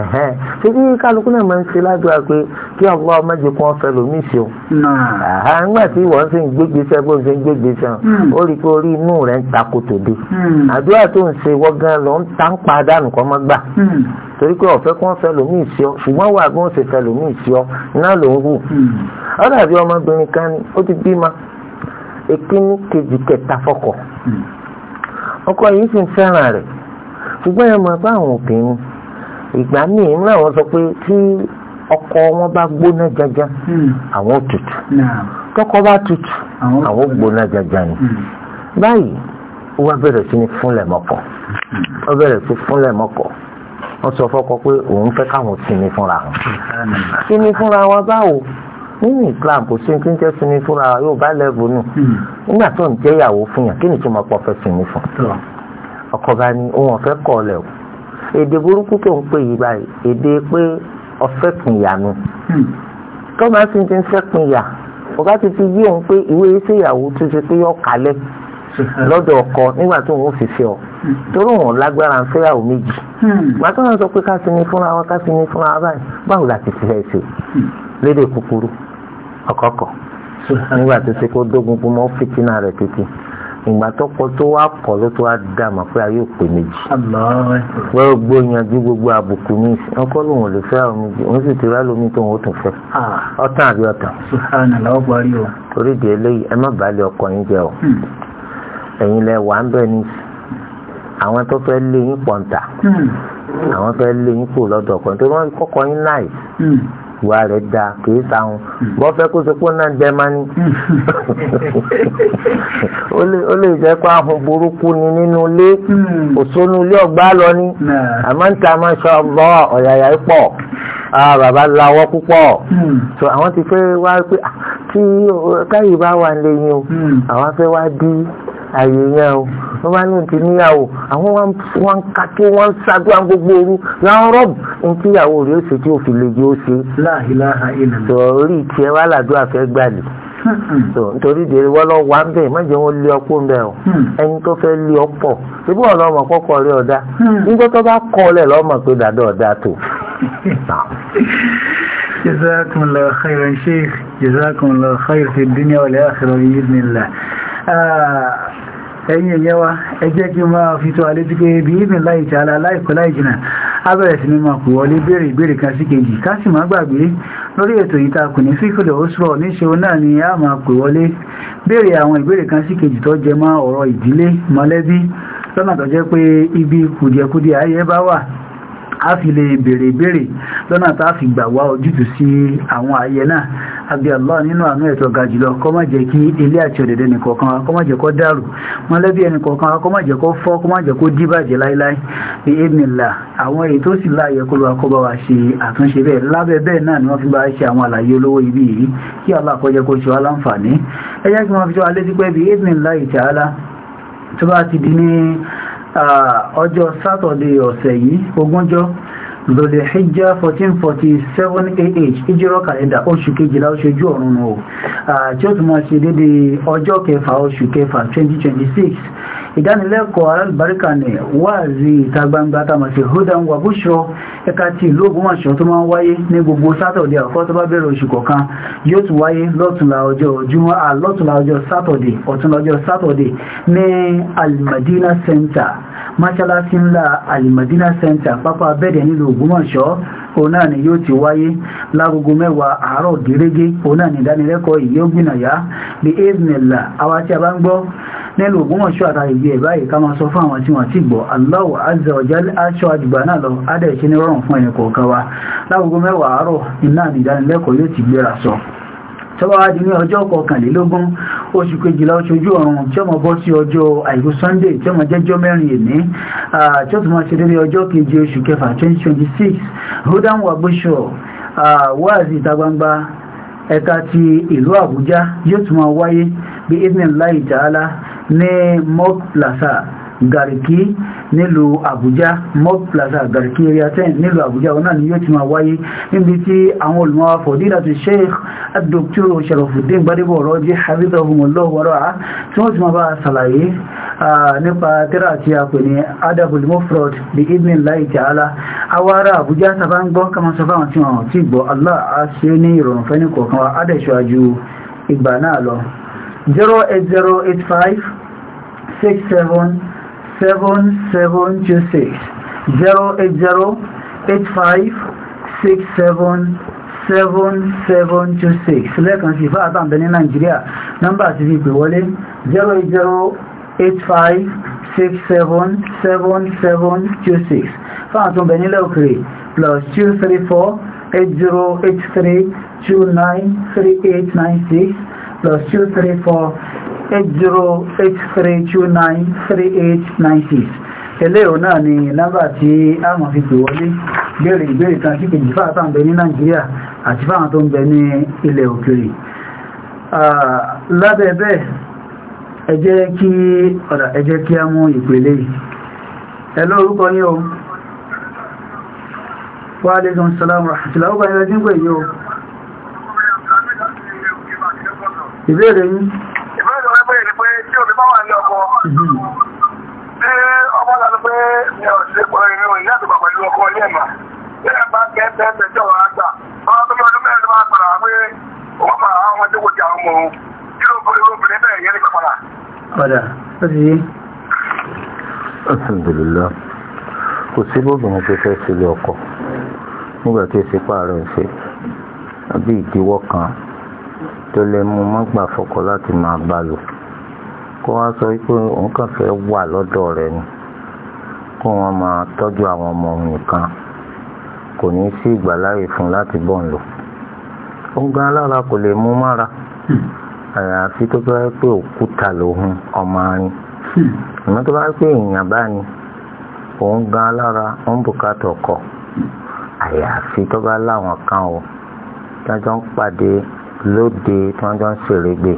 ẹ̀hẹ́n ṣé kí kálukú náà máa ń ṣe ládùúgbà pé kí ọgbà ọmọ jẹ kó wọn fẹ́ lómi ṣeun àhá nígbà tí wọ́n ṣe ń gbégbèsè bó ń ṣe ń gbégbèsè hmm. ó rí i pé orí inú rẹ̀ ń ta kòtò dé hmm. àdúrà tó ń ṣe wọ́gán lọ ń ta ń pa dànù kọ́ mọ́ gbà hmm. torí pé ọ̀fẹ́ kó wọn fẹ́ lómi ṣe ọ ṣùgbọ́n wà bí wọ́n ṣe fẹ́ lómi ṣe ọ náà ló ń wù ó dàbí ọmọbìnrin kan ni ó ti bímọ èkíní kejì kẹta fọkọ ọkọ yìí sì ń fẹ́ràn rẹ̀ ṣùgbọ́n ẹ máa bá àwọn obìnrin ìgbà míì ń láwọn sọ pé tí ọkọ wọn bá gbóná jaja hmm. àwọn tutù tọkọ bá tutù àwọn gbóná jaja ni hmm. báyìí wọ́n bẹ̀rẹ̀ sí ní fúnlẹ̀ mọ́kọ wọ́n hmm. bẹ̀rẹ̀ sí fúnlẹ̀ mọ́kọ wọ́n sọ fọ́kọ pé òun fẹ́ káwọn sinmi fúnra wọn sinmi fúnra wọn báwo nínú Islam kò sí kí n jẹ́ sinmi fúnra yóò bá lẹ́bù nù hmm. nígbà tó ń jẹ́ ìyàwó fún yàn kí ni tí mo pọ̀ fẹ́ sinmi fún ọkọ bá ní òun ọ̀fẹ́ kọ̀ ọ̀lẹ̀ o èdè burúkú tó ń pè yí báyìí èdè pé ọ̀fẹ́ kùn ìyànú hmm. tó máa ti ti ń fẹ́ kùn ìyà ọ̀gá ti ti yé òun pé ìwé iṣẹ́ ìyàwó tó ṣe pé yọ kalẹ̀ lọ́dọ̀ ọkọ nígbà tó òun fi fẹ́ ọ hmm. torí òun lágbára ń fẹ́yàwó méjì màtí wọn sọ pé ká sinmi fúnra wa ká sinmi fúnra wa báyìí báwo la ti fẹ́ ṣe lédè kúkúrú Ọkọkọ, nígbà tó ṣe kó dógun fún títí ìgbà tó tó wá pọ̀ ló tó wá dà pé ayé gbogbo yanjú gbogbo àbùkù ọkọ lòun ò lè fẹ́ àwọn méjì òun sì ti rá lómi tó òun tún fẹ́. ọ̀tàn àbí torí ọkọ yín jẹ o hmm. ẹ̀yin lẹ wà ń bẹ̀ ní àwọn tó fẹ́ lé yín pọ̀ǹtà hmm. àwọn fẹ́ lé yín ọkọ ìwà rẹ̀ dáa kìí sáhun bọ́ fẹ́ kó sepó náà dẹ́ máa ní ó lè jẹ́ pé ahun burúkú ni nínú ilé hmm. òṣónú ilé ọgbà lọ ní àmọ́ ń ta masha Allah ọ̀yàyà pọ̀ bàbá lawọ́ púpọ̀ hmm. so àwọn ti fẹ́ wá pé ah, tí káyì bá wà lẹ́yìn o hmm. àwọn fẹ́ wá bí àyè yẹn o wọ́n bá ní ti níyàwó àwọn wọn ká kí wọ́n ṣàdúrà gbogbo ooru láwọn rọ́ọ̀bù ní tí ìyàwó rẹ̀ ó ṣe tí òfin lè jẹ́ ó ṣe. láàhìláhà ìlànà. sọ̀rí tiẹ̀ wá làdúrà fẹ́ gbà ní. Hmm. nítorí ìdèrè wọ́n lọ wà ń bẹ̀ má jẹ́ wọ́n lé ọkọ ń bẹ̀ o hmm. ẹni tó fẹ́ lé ọ̀pọ̀ ṣébí ọ̀nà ọmọ kọ́kọ́ rí ọ̀dá hmm. nígbà tó bá kọ́ ọ lẹ̀ lọ́mọ pé dàdá ọ̀dá tó. جزاكم الله خيرا شيخ جزاكم الله خير في الدنيا والآخرة بإذن الله Ah, ẹ̀yìn èyẹ wa ẹ jẹ́ kí fi tó alé tí pé bí ìbìn láì tí ala láìkọ́ láì jìnà abẹ̀rẹ̀ sí ni máa kò wọlé kan sí kejì ká sì gbàgbé lórí ètò yìí ní fífìlẹ̀ ni a ma kò wọlé béèrè àwọn ìbéèrè kan sí kejì tó jẹ mọ́ ọ̀rọ̀ ìdílé mọ̀lẹ́bí lọ́nà ibi kùdìẹ̀kudìẹ̀ ayé bá wà a fi lè béèrè fi gbà wá ojútùú sí àwọn ayé àbí Allah nínú àánú ẹ̀tọ́ ga jùlọ kó má jẹ́ kí ilé àti òdèdè nìkọ̀ọ̀kan kó má jẹ́ kó dàrú mọ̀lẹ́bí ẹnìkọ̀ọ̀kan kó má jẹ́ kó fọ́ kó má jẹ́ kó díbàjẹ́ láíláí bí ìdìnnìlà àwọn èyí tó sì láàyè kó lọ kó bá wa ṣe àtúnṣe bẹ́ẹ̀ lábẹ́ bẹ́ẹ̀ náà ni wọ́n fi bá ṣe àwọn àlàyé olówó ibi yìí kí Allah kó jẹ́ kó ṣe wá láǹfààní ẹ jẹ́ kí wọ́n fi ṣe wá létí pé bí ìdìnnìlà ìtàlá tó bá ti di ní ọjọ́ sátọ̀dẹ̀ ọ̀sẹ̀ yìí ogúnjọ́ Dhul Hijjah 1447 AH ìjírọ̀ kàlẹ́dà oṣù kejìlá oṣojú ọ̀run o tí ó tún máa ṣe dédé ọjọ́ kẹfà oṣù kẹfà 2026 ìdánilẹ́kọ̀ọ́ alábàríkà ní wáàzí ìta gbangba tamasi hudan wa bushra ẹ̀ka ti ìlú Ògbómọ̀ṣọ́ tó máa ń wáyé ní gbogbo sátọ̀dẹ̀ àkọ́kọ́ tó bá bẹ̀rẹ̀ oṣù kọ̀ọ̀kan yóò tún wáyé lọ́tùnlá ọjọ́ Jímọ̀ àlọ́tùnlá ọjọ́ sátọ̀dẹ̀ ọ̀túnlá ọjọ́ sátọ̀dẹ̀ ní Al-Madina Center mọ́ṣáláṣí ńlá alimadina center pápá abẹ́dẹ̀ nílùú ògbómọ̀ṣọ́ òun náà ni yóò ti wáyé lágogo mẹ́wàá àárọ̀ gẹ́gẹ́ òun ni ìdánilẹ́kọ̀ọ́ yìí yóò gbìnàyà bí eznella àwa tí a bá ń gbọ́ nínú ògbómọ̀ṣọ́ àtàgbègbè ẹ̀ báyìí ká Allahu azza jal aṣọ àjùgbà náà lọ adẹ̀ ìṣẹ́ni rọrùn fún ẹnì kọ̀ọ̀kan wa lágogo mẹ́wàá àárọ̀ iná ìdánilẹ́kọ̀ọ́ yóò ti gbéra tọ́wọ́ adì ní ọjọ́ kọkànlélógún oṣù kejìlá oṣojú ọ̀run tí ó mọ̀ bọ́ sí ọjọ́ àìkú sunday tí ó mọ̀ jẹ́jọ́ mẹ́rin èní tí ó tún mọ̀ ṣe dédé ọjọ́ keje oṣù kẹfà 2026 rodan wabusho wáàzì ìta gbangba ẹ̀ka ti ìlú àbújá yóò tún máa wáyé bí evening light ta'ala ní mock plaza gàríkí nílùú àbújá mob plaza gàríkí area 10 nílùú àbújá ọ̀nà ni yóò ti máa wáyé níbi tí àwọn olùmọ̀wá fọ̀dílà ti sheikh adókítò sharafuddin gbadebo ọ̀rọ̀ jẹ́ habibullah wọ́rọ̀ á tí wọ́n ti máa bá ṣàlàyé nípa tírà àti àpè ní adabul mufrad bí ibn láì ta'ala awara àbújá sábà ń gbọ́ kama sọ fáwọn tí wọn ti gbọ́ allah á ṣe ní ìrọ̀rùn fẹ́ ní kọ̀ọ̀kan wa á dẹ̀ ṣáájú ìgbà náà lọ 08085 67 Seven seven two six zero eight zero eight five six seven seven seven two six lẹ́ẹ̀kan sí fáwọn àtàǹbẹ̀ ní nàìjíríà nọ́mbà ti fi pè wọlé zero eight zero eight five six seven seven seven two six fáwọn àtàǹbẹ̀ nílẹ̀ òkèrè plus two three four eight zero eight three two nine three eight nine six plus two three four 8083293896 eléyò náà ni nọ́mbà tí a mọ̀ fi pè wọlé béèrè ìbéèrè kan sí kejì fáà tàbí ní Nàìjíríà àti fáà tó ń bẹ ní ilẹ̀ òkèrè lábẹ́ẹ̀bẹ́ ẹ jẹ́ kí ọ̀dà ẹ jẹ́ kí a mú ìpele ẹ̀lọ́ orúkọ ní o wà lẹ́gbọ́n sọ́lámù ràhàtìlá ó bá yẹ́ ìbéèrè yìí bá wà ní ọkọ̀ tí mhm. ọmọ lọ pé mi ò ṣe pọ̀ inú ìyá àti bàbá ìlú ọkọ̀ ilé ẹ̀mà tí ẹ bá kẹ́ẹ̀tẹ́ ẹ̀tẹ́jọ́ wa gbà ọmọ tó bí ọdún mẹ́rin máa padà pé wọ́n máa àwọn ọmọdé kò jà ọmọ òun kí ló borí obìnrin bẹ́ẹ̀ yẹn nípa padà. padà ó ti yé. alhamdulillah kò sí bóbìnrin tó fẹ́ sílé ọkọ̀ nígbà tí ó ṣe pààrọ̀ ìṣe àbí ìdíwọ́ kan tó lè mú mọ́gbà fọkọ láti máa bá lò kó wá sọ wípé òun kàn fẹ wà lọdọ rẹ ni kó wọn máa tọjú àwọn ọmọ òun nìkan kò ní sí ìgbàláyè fún láti bọ̀ ń lò ó ń gan alára kò lè mú mára àyàfi tó bá pé òkúta lòun ọmọ arin ìmọ̀ tó bá pé èèyàn bá ní òun gan lára ó ń bùkátà ọkọ àyàfi tó bá láwọn kan o tí wọ́n jọ ń pàdé lóde tí wọ́n jọ ń ṣèrégbè.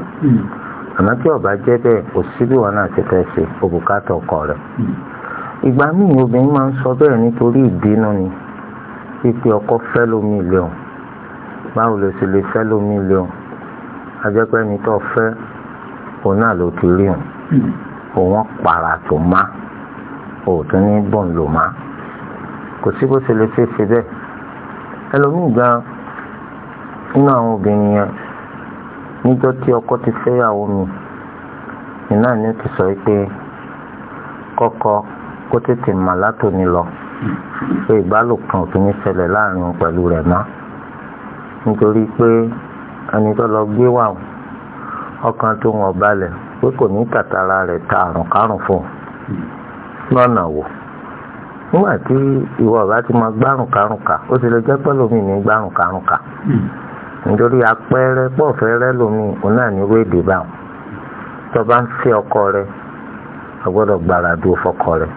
àmọ́ tí ọba jẹ́ bẹ́ẹ̀ kò sí bí wọn náà ti fẹ́ ṣe ọkọ rẹ̀ ìgbà míì obìnrin máa ń sọ bẹ́ẹ̀ nítorí ìbínú ni pípé ọkọ fẹ́ lómi lẹ́hùn báwo ló ṣe lè fẹ́ lómi lẹ́hùn ajẹ́pẹ́ ni tó fẹ́ òun náà ló ti rí hùn òun para tó má òòtún ní bọ́ọ̀n ló má kò sí bó ṣe lè ṣe ṣe bẹ́ẹ̀ ẹlòmíì gan nínú níjọ́ tí ọkọ ti fẹ́yàwó mi iná ni ó ti sọ pé kọ́kọ́ kó tètè mà látòní lọ pé ìbálòpọ̀ kì í ṣẹlẹ̀ láàrin pẹ̀lú rẹ̀ mọ́ nítorí pé ẹni tó lọ gbé wà ọkàn tó wọn balẹ̀ pé kò ní tàtàrà rẹ̀ ta àrùn kárùn fún un lọ́nà wò nígbà tí ìwọ ọ̀gá ti máa gbárùn ó ti lè jẹ́ pẹ́lú mi ní gbárùn nítorí apẹ́rẹ́ pọ̀fẹ́rẹ́ lomi òun náà ní wéèdè báwọn tó bá ń fẹ́ ọkọ rẹ a gbọ́dọ̀ gbàràdù fọkọ rẹ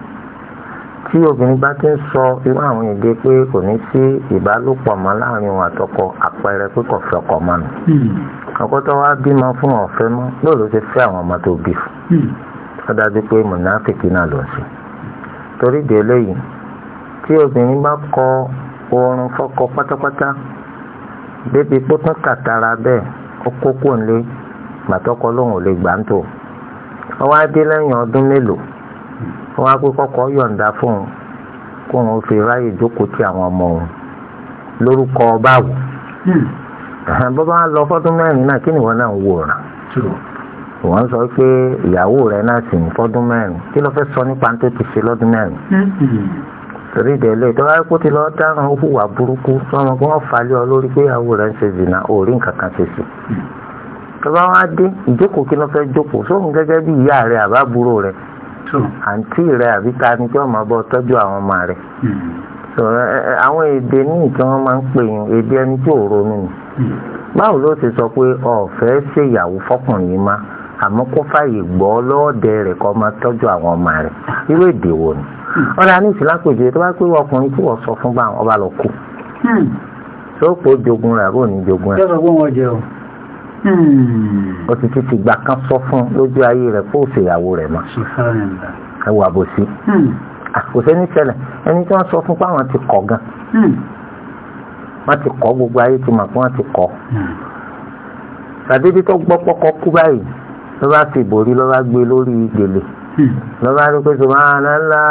tí obìnrin bá ti ń sọ irú àwọn èdè pé kò ní sí ìbálòpọ̀ mọ́ láàrin òun àtọkọ apẹ́rẹ́ pé kò fẹ́ ọkọ mọ́ nù ọkọ hmm. tó wá bímọ fún ọ̀fẹ́ mọ́ lóòlù ti fẹ́ àwọn ọmọ tó bí fún hmm. ó dájú pé mùnáfìkì náà ló ń ṣe torí délé yìí tí obìnrin bá kọ oorun fọkọ pátápátá débi pé tán kàtàrà bẹ́ẹ̀ ó kó kò ń lé gbàtọ́kọ lòun lè gbà ń tò ọwọ́ adé lẹ́yìn ọdún mélòó fún un kó òun fi ráyè jókòó tí àwọn ọmọ òun lórúkọ hmm. bá lọ fọ́dún mẹ́rin náà kí nìwọ náà ń wò rà sọ pé ìyàwó rẹ̀ náà sì ń fọ́dún mẹ́rin kí ló fẹ́ sọ nípa ti ṣe lọ́dún torí ìdẹ̀lẹ̀ tó wáyé kó ti lọ dáràn ó hùwà burúkú sọmọ kí wọ́n falẹ̀ ọ lórí pé ìyàwó rẹ̀ ń ṣe zìnà òórí nǹkan kan ṣe sí. tó bá wá dé ìjókòó kí ló fẹ́ jókòó sóhun gẹ́gẹ́ bí ìyá rẹ̀ àbábúrò rẹ̀ àǹtí rẹ̀ àbí ta ni kí wọ́n máa bọ́ tọ́jú àwọn ọmọ ni. báwo ló ti sọ pé ọ̀fẹ́ ṣèyàwó fọkùnrin má àmọ́ kó fàyè gbọ́ lọ́ọ̀dẹ rẹ̀ máa tọ́jú àwọn ọmọ rẹ̀ irú èdè ọ̀dà ní ìsìlápèjì tó bá pé ọkùnrin tí wọ́n sọ fún gbà ọba lọ kú tó hmm. pò jogun rẹ̀ àbò ní jogun rẹ̀ hmm. ó ti ti ti gbà kan sọ fún lójú ayé rẹ̀ kó òṣèyàwó rẹ̀ mọ́ ẹ wà bó sí hmm. ah, kò sẹ́ni ṣẹlẹ̀ ẹni tí wọ́n sọ fún pàwọn ti kọ̀ gan wọ́n ti kọ̀ gbogbo ayé ti mọ̀ pé wọ́n ti kọ̀ tàbí bí tó gbọ́ pọ́kọ́ kú báyìí ló bá fi ìbòrí gbé lórí gèlè lọ́ba rí pé subhanallah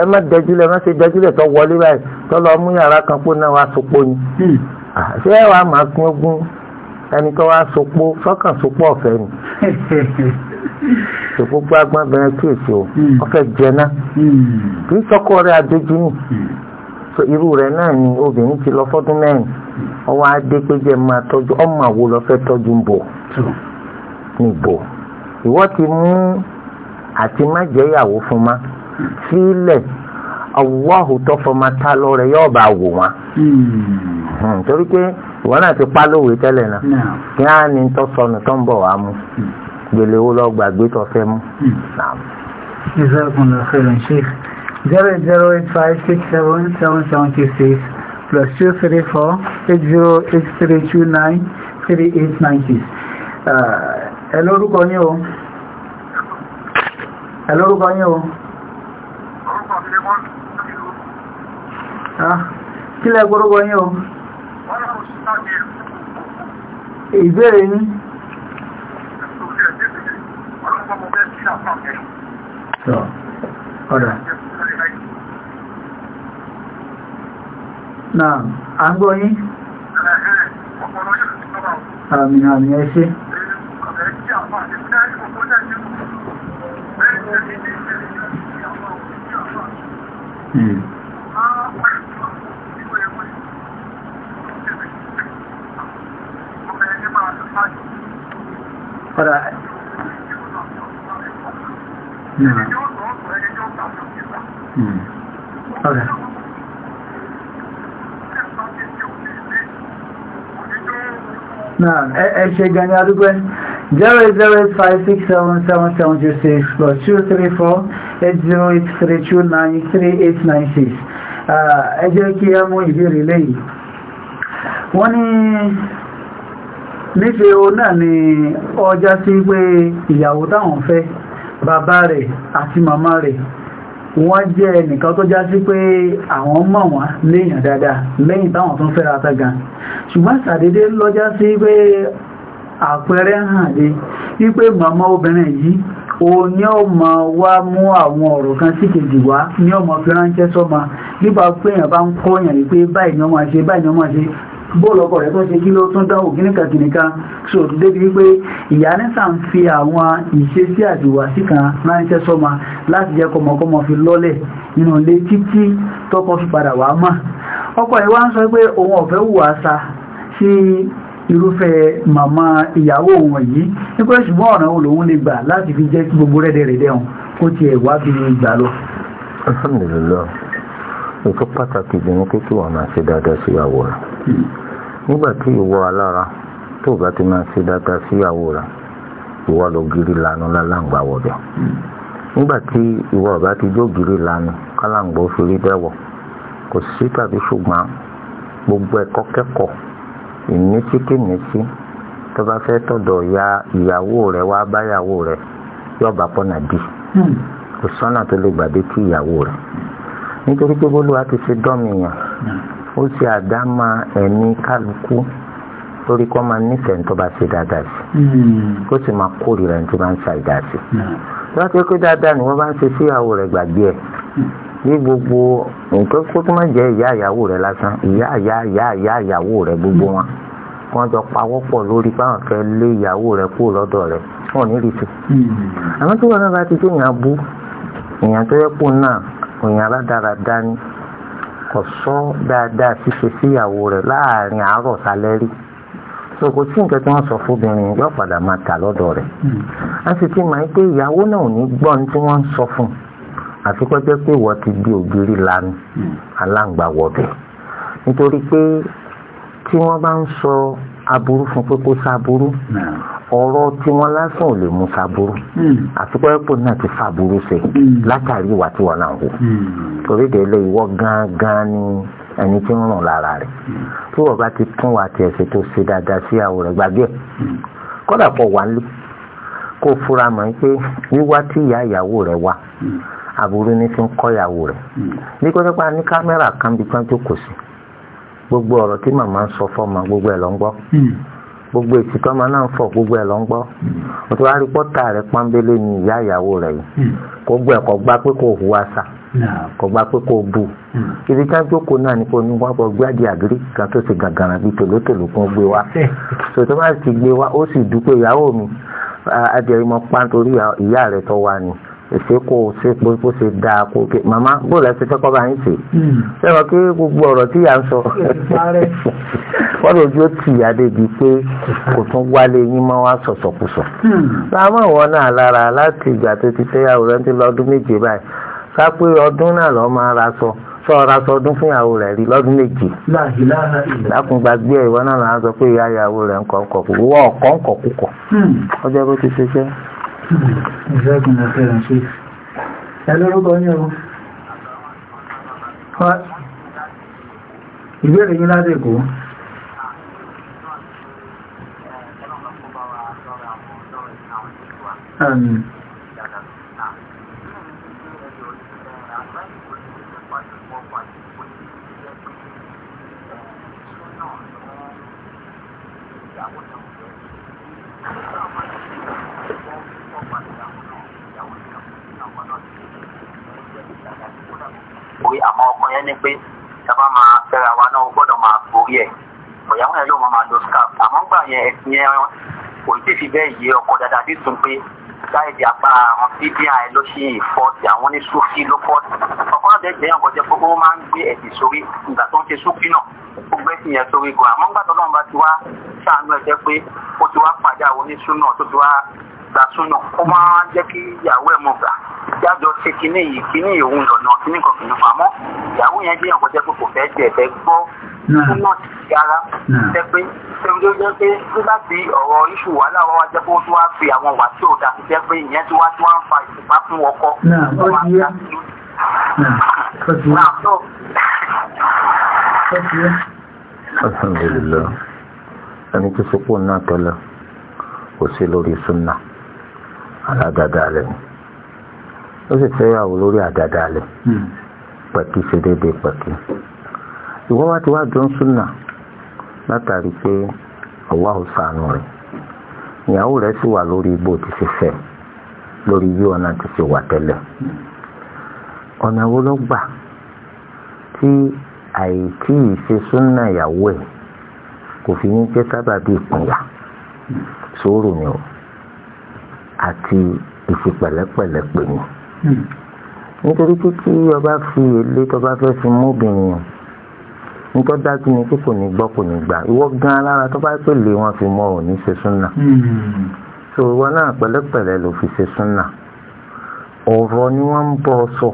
ẹ má dẹjúlẹ̀ má ṣe dẹjúlẹ̀ tó wọlé báyìí tó lọ mú yàrá kan pọ̀ náà wá sopó ni ṣé ẹ wàá máa pín ogún ẹni tó wá sopó sọ́kàn sopó ọ̀fẹ́ ni ṣòfò gbágbọ́n bẹ̀rẹ̀ kí èso ọ̀fẹ́ jẹ́ná ni irú rẹ̀ náà ni obìnrin ti lọ fọ́dún mẹ́rin ọwọ́ adé pé ìwọ ti mú àti má jẹ́yàwó fún ma sílẹ̀ Allahu tó fọmọ ta lọ rẹ̀ yóò bá wò wọn. Hmm. Hmm, torí pé ìwọ náà ti pa lóòwe tẹ́lẹ̀ náà kí á ní tó sọnù tó ń bọ̀ wá mu hmm. gbèlè wo lọ gbàgbé tó fẹ́ mu. zero zero eight five six seven seven seven six six plus two three four eight zero eight three two nine three eight nine six. Uh, ẹ lórúkọ ní o ẹ lórúkọ ní o ah, kí lẹ gbórúkọ ní o ìbéèrè ní ọ̀dà náà à ń gbọ́ yín àmì àmì ẹ ṣé Mm. Ọ̀rọ̀ ọ̀rọ̀ náà ẹ ṣe gan ni adúgbẹ́. 08056777036 plus 234-8083293896 ẹ jẹ́ kí a mú ìbéèrè lẹ́yìn wọ́n ní níṣe o náà ni ọjá sí pé ìyàwó táwọn fẹ́ bàbá rẹ̀ àti màmá rẹ̀ wọ́n jẹ́ ẹnìkan tó já sí pé àwọn mọ̀ wọ́n léèyàn dáadáa lẹ́yìn táwọn tún fẹ́ra tágan ṣùgbọ́n sàdédé lọ́já sí pé àpẹẹrẹ hàn lé wípé màmá obìnrin yìí o ní ó ma wá mú àwọn ọ̀rọ̀ kan sí kejì wá ní ọmọ fi ránṣẹ́ sọ́mà nípa pé èèyàn bá ń kọ́yàn ní pé báyìí ni wọ́n ṣe báyìí ni wọ́n ṣe rẹ̀ ṣe kí ló tún so débi wípé ìyá nísà ń fi àwọn ìṣesí kan ránṣẹ́ sọ́mà láti jẹ́ fi lọ́lẹ̀ nínú ilé títí fi padà ọkọ yìí wá ń sọ pé òun ọ̀fẹ́ wù irúfẹ́ màmá ìyàwó wọn yìí nípa ṣùgbọ́n ọ̀nà olóhun lè gbà láti fi jẹ́ kí gbogbo rẹ̀dẹ̀ rẹ̀dẹ̀ hàn kó tiẹ̀ wá bí ìgbà lọ. alhamdulillah ètò pàtàkì jù ní pé kí wọn máa ṣe dáadáa sí ìyàwó rẹ̀ hmm. nígbà tí ìwọ alára tó bá ti máa ṣe dáadáa sí ìyàwó rẹ̀ ìwọ lọ gírí lanu lálàǹgbà wọ̀dọ̀ hmm. nígbà tí ìwọ ọba ti jó gírí lanu kálàǹgbà ó fi rí bẹ́wọ̀ kò sí tàbí ṣùgbọ́n gbogbo ẹ̀kọ́ kẹ́kọ̀ọ́ ìnísíkínísí tó bá fẹ́ tọ̀dọ̀ ya ìyàwó rẹ̀ wá báyàwó rẹ̀ yóò bá pọ́nà dì hmm. kò sọ́nà tó lè gbàdé tí ìyàwó rẹ̀ nítorí pé bólúwa ti ṣe dọ́mìyàn ó ṣe àdámà ẹ̀mí kálukú torí kọ́ máa nífẹ̀ẹ́ tó bá ṣe dáadáa sí hmm. kó sì máa kórìíra ẹni tó bá ń ṣàìdá sí. Hmm. tó bá ti pé dáadáa ni wọ́n bá ń ṣe síyàwó rẹ̀ gbàgbé ẹ̀ ní gbogbo nǹkan kó tó má jẹ́ ìyá ìyàwó rẹ̀ lásán ìyá ìyá ìyá ìyá ìyàwó rẹ̀ gbogbo wọn wọn jọ pawọ́pọ̀ lórí báwọn fẹ́ lé ìyàwó rẹ̀ kúrò lọ́dọ̀ rẹ̀ wọn ní rìsì. Hmm. àmọ́ tí wọn náà bá ti tó èèyàn bú èèyàn tó yẹ kó náà èèyàn aládàradà ni kò sọ dáadáa ṣíṣe síyàwó rẹ̀ láàrin àárọ̀ sálẹ́ rí so kò sí nǹkan tí wọ́n sọ fóbìnrin yóò padà máa tà lọ́dọ̀ rẹ̀ hmm. a sì ti máa ń pé ìyàwó náà ò ní gbọ́n tí wọ́n ń sọ fún un àfikọ́jẹ́ pé ìwọ ti di ògiri lanu hmm. aláǹgbà wọ̀bẹ̀ nítorí pé tí wọ́n bá ń sọ aburú fún pé kó sáburú hmm. ọ̀rọ̀ tí wọ́n lásán ò lè mú sáburú hmm. àfikọ́jẹ́pọ̀ náà ti fàburú ṣe látàrí ìwà tí wọ́n náà wò torí délé ìwọ gangan ni ẹni tí ń rùn lára rẹ̀ tí wọ́n bá ti tún wà tiẹ̀ ṣe tó ṣe dáadáa sí àwọn rẹ̀ gbàgbé kọ́dà pọ̀ wá lé kó fura mọ́ pé wíwá tí ìyá ìyàwó rẹ̀ wá aburú ní fi ń kọ́yàwó rẹ̀ hmm. bí kò sẹ́pà ní kámẹ́rà kan bí kan jókòó sí gbogbo ọ̀rọ̀ tí màmá ń sọ fọ́mọ gbogbo ẹ̀ ló ń gbọ́ hmm. gbogbo èsì tọ́mọ náà ń fọ̀ gbogbo ẹ̀ ló ń gbọ́ hmm. o wá rí pọ́tà rẹ̀ pọ́nbélé ni ìyá ìyàwó rẹ̀ yìí kò gbọ́ ẹ̀ kò gbà pé kò hu àṣà kò gbà pé kò bu ibi tá jókòó náà ni kò ní wọ́n bọ̀ gbádìí àgírí kan tó ti gàgàrà bíi tòlótòló kan gbé wa tòtò bá ti gbé wa ó sì dúpẹ́ ìyàwó mi adìẹ mọ́ pàǹtórí ìyá rẹ̀ tó wà ni ìṣekò ṣepo bó ṣe dáa kó ké màmá bó lẹ́sẹ̀ fẹ́ kọ́ bá ń ṣe sẹ́wọ̀n hmm. kí gbogbo ọ̀rọ̀ tí yà ń sọ wọ́n lè ojú tì í adébi pé kò tún wálé yín mọ́ wá sọ̀sọ̀kùsọ̀ hmm. láàmú ìwọ náà lára láti ìgbà tó ti tẹ́ àwòrán ti lọ́dún méje báyìí sápé ọdún náà lọ́ máa ra sọ sọ ọ̀rá sọ ọdún fún ìyàwó rẹ̀ rí lọ́dún méje lákùngbàgbé ìwọ náà là ń sọ pé ìyá ìyàwó rẹ̀ ìṣẹ́gun ọ̀fẹ́ ránṣẹ́ ẹlọ́rọ́gbọ́ ní ọwọ́ ìbéèrè yín láti èkó Amen. borí àmọ́ ọkọ yẹn ní pé sábà máa fẹ́ra wa náà gbọ́dọ̀ máa borí ẹ̀ ọ̀yàwó yẹn ló máa máa lo scarf àmọ́ gbà yẹn ẹ̀sìn yẹn kò tí fi bẹ́ẹ̀ yé ọkọ dáadáa bí tún pé láìdí apá àwọn bíbíà ẹ ló ṣe ìfọ́tì àwọn oníṣúfì ló fọ́tì ọkọ náà dẹ́gbẹ̀ẹ́ ọkọ̀ jẹ́ gbogbo máa ń gbé ẹ̀sìn sórí ìgbà tó ń ṣe súfì náà ó gbé sí yẹn sórí gan àmọ́ ńgbà tó náà bá ti wá ṣàánú ẹ̀jẹ̀ pé ó ti wá pàdé àwọn oníṣúná tó ti wá jájọ ṣe kínní yìí kínní ìhun lọ́nà kínní kan kìnnìún àmọ́ ìyàwó yẹn jẹ́ ìkọjẹ́ pé kò fẹ́ tiẹ̀ fẹ́ gbọ́ hmm. náà ti ara hmm. jẹ́ pé ṣẹ́yìn tó jẹ́ pé nígbà tí ọ̀rọ̀ iṣu wàhálà wa jẹ́ pé ó tún wá fi àwọn wà tí ò dà sí jẹ́ pé ìyẹn tí wọ́n ti wá ń fa ìfipá fún ọkọ. Hmm. alhamdulillah ẹni tó sọ pé òun náà tọ́lá kò sí lórí súnà aládàáda rẹ̀ ni ó sì fẹ́yàwó lórí àdàdà alẹ̀ hmm. pẹ̀kí ṣe déédéé pẹ̀kí ìwọ́ wá ti wá jọ ń súnà látàrí pé Allahu ṣàánú rẹ̀ ìyàwó rẹ̀ sì wà lórí ibo ti ṣe fẹ́ lórí yí ọ̀nà ti ṣe wà tẹ́lẹ̀ ọ̀nà wo ló gbà tí àìtí ìṣe súnà ìyàwó ẹ̀ kò fi ní jẹ́ sábàbí ìpínyà sóòrò ni o àti ìfipẹ̀lẹ́pẹ̀lẹ́ pè ní. Hmm. nítorí pé tí ọba fi èlé tọba fẹ́ fi mú obìnrin nítorí dájú ni pé kò ní gbọ́ kò ní gbà ìwọ gan lára tó bá tó lè wọn fi mọ ò ní ṣe súnà hmm. so ìwọ náà pẹ̀lẹ́pẹ̀lẹ́ ló fi ṣe súnà ọ̀rọ̀ ni wọ́n ń bọ́ sọ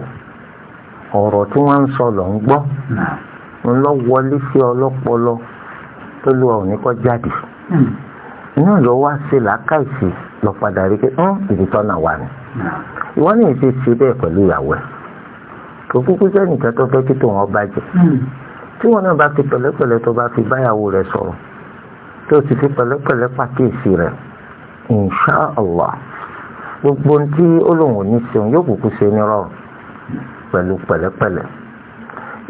ọ̀rọ̀ tí wọ́n ń sọ lọ ń gbọ́ ń hmm. lọ wọlé sí ọlọ́pọlọ tó lu ọ̀ ní kọ́ jáde iná lọ wá ṣe làákàìsí lọ padà rí pé ń wà ní ìwọ ní ìṣe ṣe bẹ́ẹ̀ pẹ̀lú ìyàwó ẹ̀ kò kúkú sẹ́nìkan tó fẹ́ kí tòun ọba jẹ hmm. tí wọn náà bá fi pẹ̀lẹ́pẹ̀lẹ́ tó bá fi báyàwó rẹ̀ sọ̀rọ̀ tó ti fi pẹ̀lẹ́pẹ̀lẹ́ pàkíyèsí rẹ̀ inṣáàlá gbogbo tí ó lòun ò ní ṣeun yóò kúkú ṣe nírọ̀rùn pẹ̀lú pẹ̀lẹ́pẹ̀lẹ́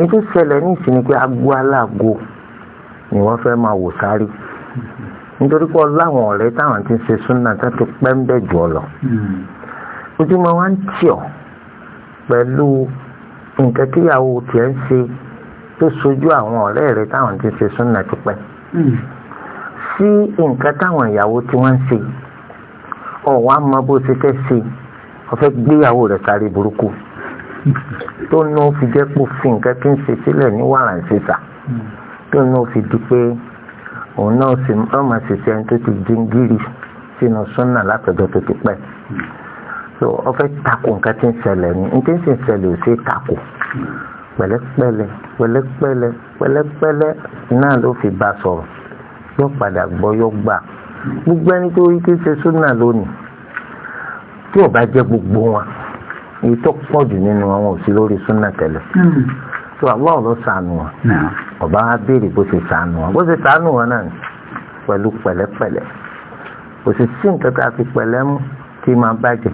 ètò ṣẹlẹ̀ ní ìsinmi pé agbó aláàgó ni wọ́n fẹ́ máa wò sáré nítorí pé ọláwọn ọ̀rẹ́ táwọn ti ń ṣe súnà tó pẹ́ ń bẹ̀ jù ọ lọ hmm ojúmọ́ wa ń tì ọ́ pẹ̀lú nǹkan tíyàwó tiẹ̀ ń ṣe tó sojú àwọn ọ̀rẹ́ rẹ táwọn ti ṣe súnà tipẹ́ sí hmm. nǹkan táwọn ìyàwó tí wọ́n ń ṣe ọ̀wọ́ á mọ bó ṣe fẹ́ ṣe ọ̀fẹ́ gbéyàwó rẹ̀ sáré burúkú hmm. tó ná ó fi jẹ́ pò fi nǹkan tí ń ṣe sílẹ̀ ní wàràǹṣeṣà hmm. tó ná ó fi di pé òun náà sì máa ṣiṣẹ́ tó ti jíngírì sínú súnà látọjọ́ tó ti pẹ́ so ọfẹ́ takò nǹkan tí ń ṣẹlẹ̀ ní ní tí ń sì ń ṣẹlẹ̀ ò sí takò pẹ̀lẹ́pẹ̀lẹ́ pẹ̀lẹ́pẹ̀lẹ́ pẹ̀lẹ́pẹ̀lẹ́ náà ló fi ba. sọ̀rọ̀ yóò padà gbọ́ yóò gbà gbogbo ẹni tó rí tí ń ṣe súnà lónìí tí ò bá jẹ́ gbogbo wọn èyí tó pọ̀ jù nínú àwọn ò lórí súnà tẹ́lẹ̀ hmm. so Allah ló sànù wọn ọba wa béèrè bó ṣe sànù wọn bó ṣe sànù wọn náà pẹ̀lú pẹ̀lẹ́pẹ̀lẹ́ kò sì sí nǹkan tá a fi pẹ̀lẹ́ mú tí máa bàjẹ́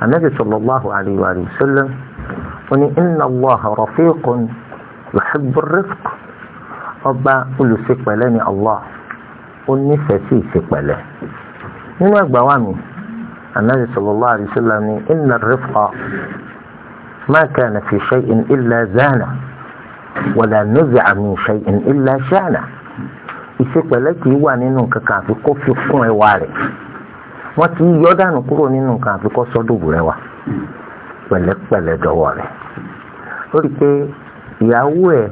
anabi sallallahu alayhi wa sallam wọ́n ní inna allaha rafiqun yuhibbu rifq ọba olùṣepẹ̀lẹ́ ni allah ó nífẹ̀ẹ́ sí ìṣepẹ̀lẹ́ nínú ẹgbà wa mi anabi sallallahu alayhi wa sallam ní inna rifqa ma kana fi shay'in illa zana wala nuzi'a min shay'in illa shana ìṣepẹ̀lẹ́ kì í wà nínú kankan àfi kó fi kún ẹwà rẹ̀ wọ́n ti yọ dànù kúrò nínú nǹkan àfikọ́ sọ́dọ̀bù rẹwà pẹ̀lẹ́pẹ̀lẹ́ dọ̀wọ́ rẹ̀ ó rí i pé ìyàwó ẹ̀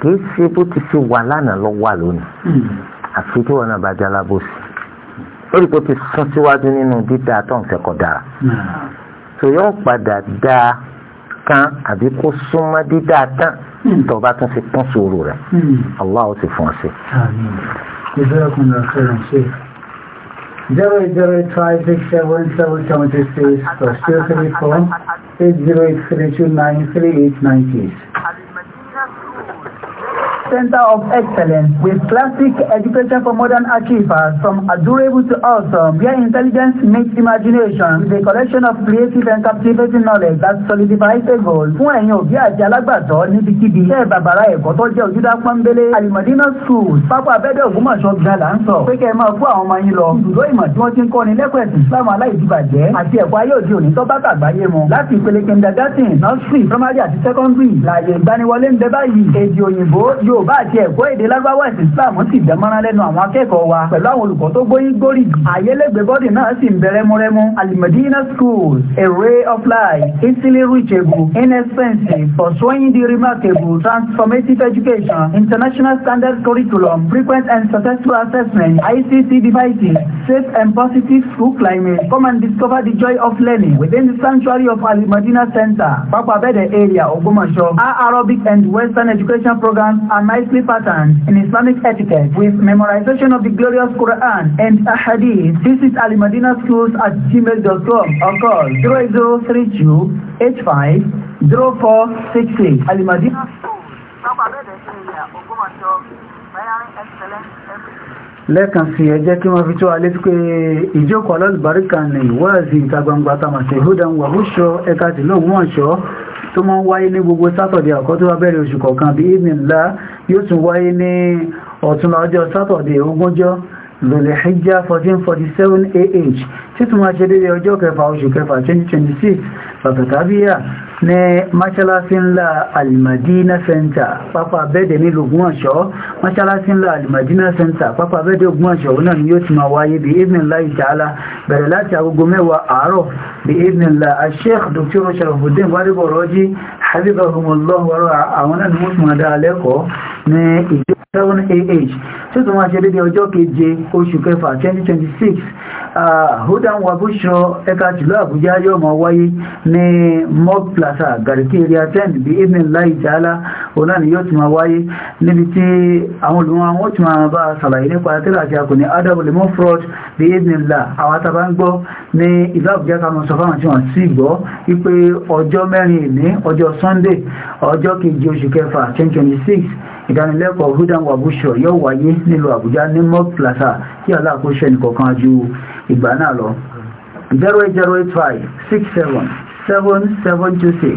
kìí ṣe bó ti ṣe wà lánàá lọ wà lónìí àfi tí wọn náà bá jẹ́ alábòsí ó rí i pé ó ti sún síwájú nínú dídá tó dára tó yọ padà dá kan àbí kó súnmọ́ dídá tán tó bá tún fi kún sùúrù rẹ̀ hmm. Allah ó sì fún ọ sí. ìbéèrè kan lọ fẹ́ràn ṣe 0085677726 for 0384 8083293898. Center of Excellence with classic education for modern achievers from adorable to awesome where intelligence meets imagination with a collection of creative and captivating knowledge that solidifies a goal. Fún ẹ̀yin òbí àti alágbàtọ́ níbikíbi iṣẹ́ bàbàrà ẹ̀kọ́ tó jẹ́ ojúdá pọ́nbélé Alimadina Schools pápá abẹ́dẹ̀ Ògbómọ̀ṣọ́ gan la ń sọ pé kẹ́ ẹ máa fún àwọn ọmọ yín lọ. Ibùdó ìmọ̀ tí wọ́n ti ń kọ́ni lẹ́kọ̀ọ́ ẹ̀sìn Islam aláìdíbàjẹ́ àti ẹ̀kọ́ ayé òde òní tó bá tàgbáyé mu. Láti ìpele kindergarten, nursery, primary àti secondary làyè ìgbaniwọlé ń bẹ báyìí. Èdè òyìnbó yóò ò àti ẹ̀kọ́ èdè lágbáwá ẹ̀sìn Islam sì dẹ́mọ́rán lẹ́nu àwọn akẹ́kọ̀ọ́ wa pẹ̀lú àwọn olùkọ́ tó gbóyìn gbórí àyélégbé bọ́dì náà sì ń bẹ rẹ́múrẹ́mú Al-Madina a ray of light easily reachable inexpensive pursuing the remarkable transformative education international standard curriculum frequent and successful assessment ICC devices safe and positive school climate come and discover the joy of learning within the sanctuary of Al-Madina Center Papa Bede area Ogbomoso our Arabic and Western education programs and mighty patterns in Islamic etiquette with memorization of the glorious Quran and Ahadith. Visit Al Madina Schools at gmail.com or call 0032 85 0466. Al Madina lẹ́ẹ̀kan sí ẹ jẹ́ kí wọ́n fi tó alé pé ìjókòó alọ́lùbáríkà ní ìwọ́ẹ̀sì ìta gbangba tamàṣẹ́ ìhúdà ń wà ó ṣọ́ wọ́n ṣọ́ tó máa ń wáyé ní gbogbo sátọ̀dẹ̀ àkọ́ tó wá bẹ̀rẹ̀ oṣù kọ̀ọ̀kan bí ìmìnlá yóò tún wáyé ní ọ̀túnla ọjọ́ sátọ̀dẹ̀ ogúnjọ́ lòlẹ̀híjá 1447 ah títún máa ṣe dédé ọjọ́ kẹfà oṣù kẹfà 2026 fàtàkàbíyà ní mọ́ṣálásí ńlá almadina center pápá bẹ́ẹ̀dẹ̀ ní lògúnọ̀ṣọ́ mọ́ṣálásí ńlá almadina center pápá bẹ́ẹ̀dẹ̀ ògúnọ̀ṣọ́ náà ni yóò ti máa wáyé bí ibnillahi ta'ala bẹ̀rẹ̀ láti agogo mẹ́wàá àárọ̀ bí ibnillah asheikh dr sharafuddin wádìbọ̀rọ̀jí habibahumullah wọ́rọ̀ àwọn náà ni wọ́n ti máa dára lẹ́kọ̀ọ́ ní ìjọ 7ah tó tó máa ṣe dédé ọjọ́ keje oṣù kẹfà 2026 ah, hudan wabushọ ẹka jùlọ àbújá yóò máa wáyé ní mobla lásà gàríkì area ten bí evening láì jàálá òun ni yóò ti máa wáyé níbi tí àwọn olùmọ̀ àwọn tí máa bá ṣàlàyé nípa tẹ́lá àti akùnì adabule mofrod bí evening la àwọn àtàbá ń gbọ́ ní ìlú àbújá kan sọ fáwọn tí wọ́n sì gbọ́ wípé ọjọ́ mẹ́rin ìní ọjọ́ sunday ọjọ́ kejì oṣù kẹfà twenty twenty six ìdánilẹ́kọ̀ọ́ hudan wabushọ yóò wáyé nílùú àbújá ní mop plaza kí aláàkóso ẹnìkọ̀ọ̀kan ju ìgbà náà lọ zero eight zero five six seven seven seven two six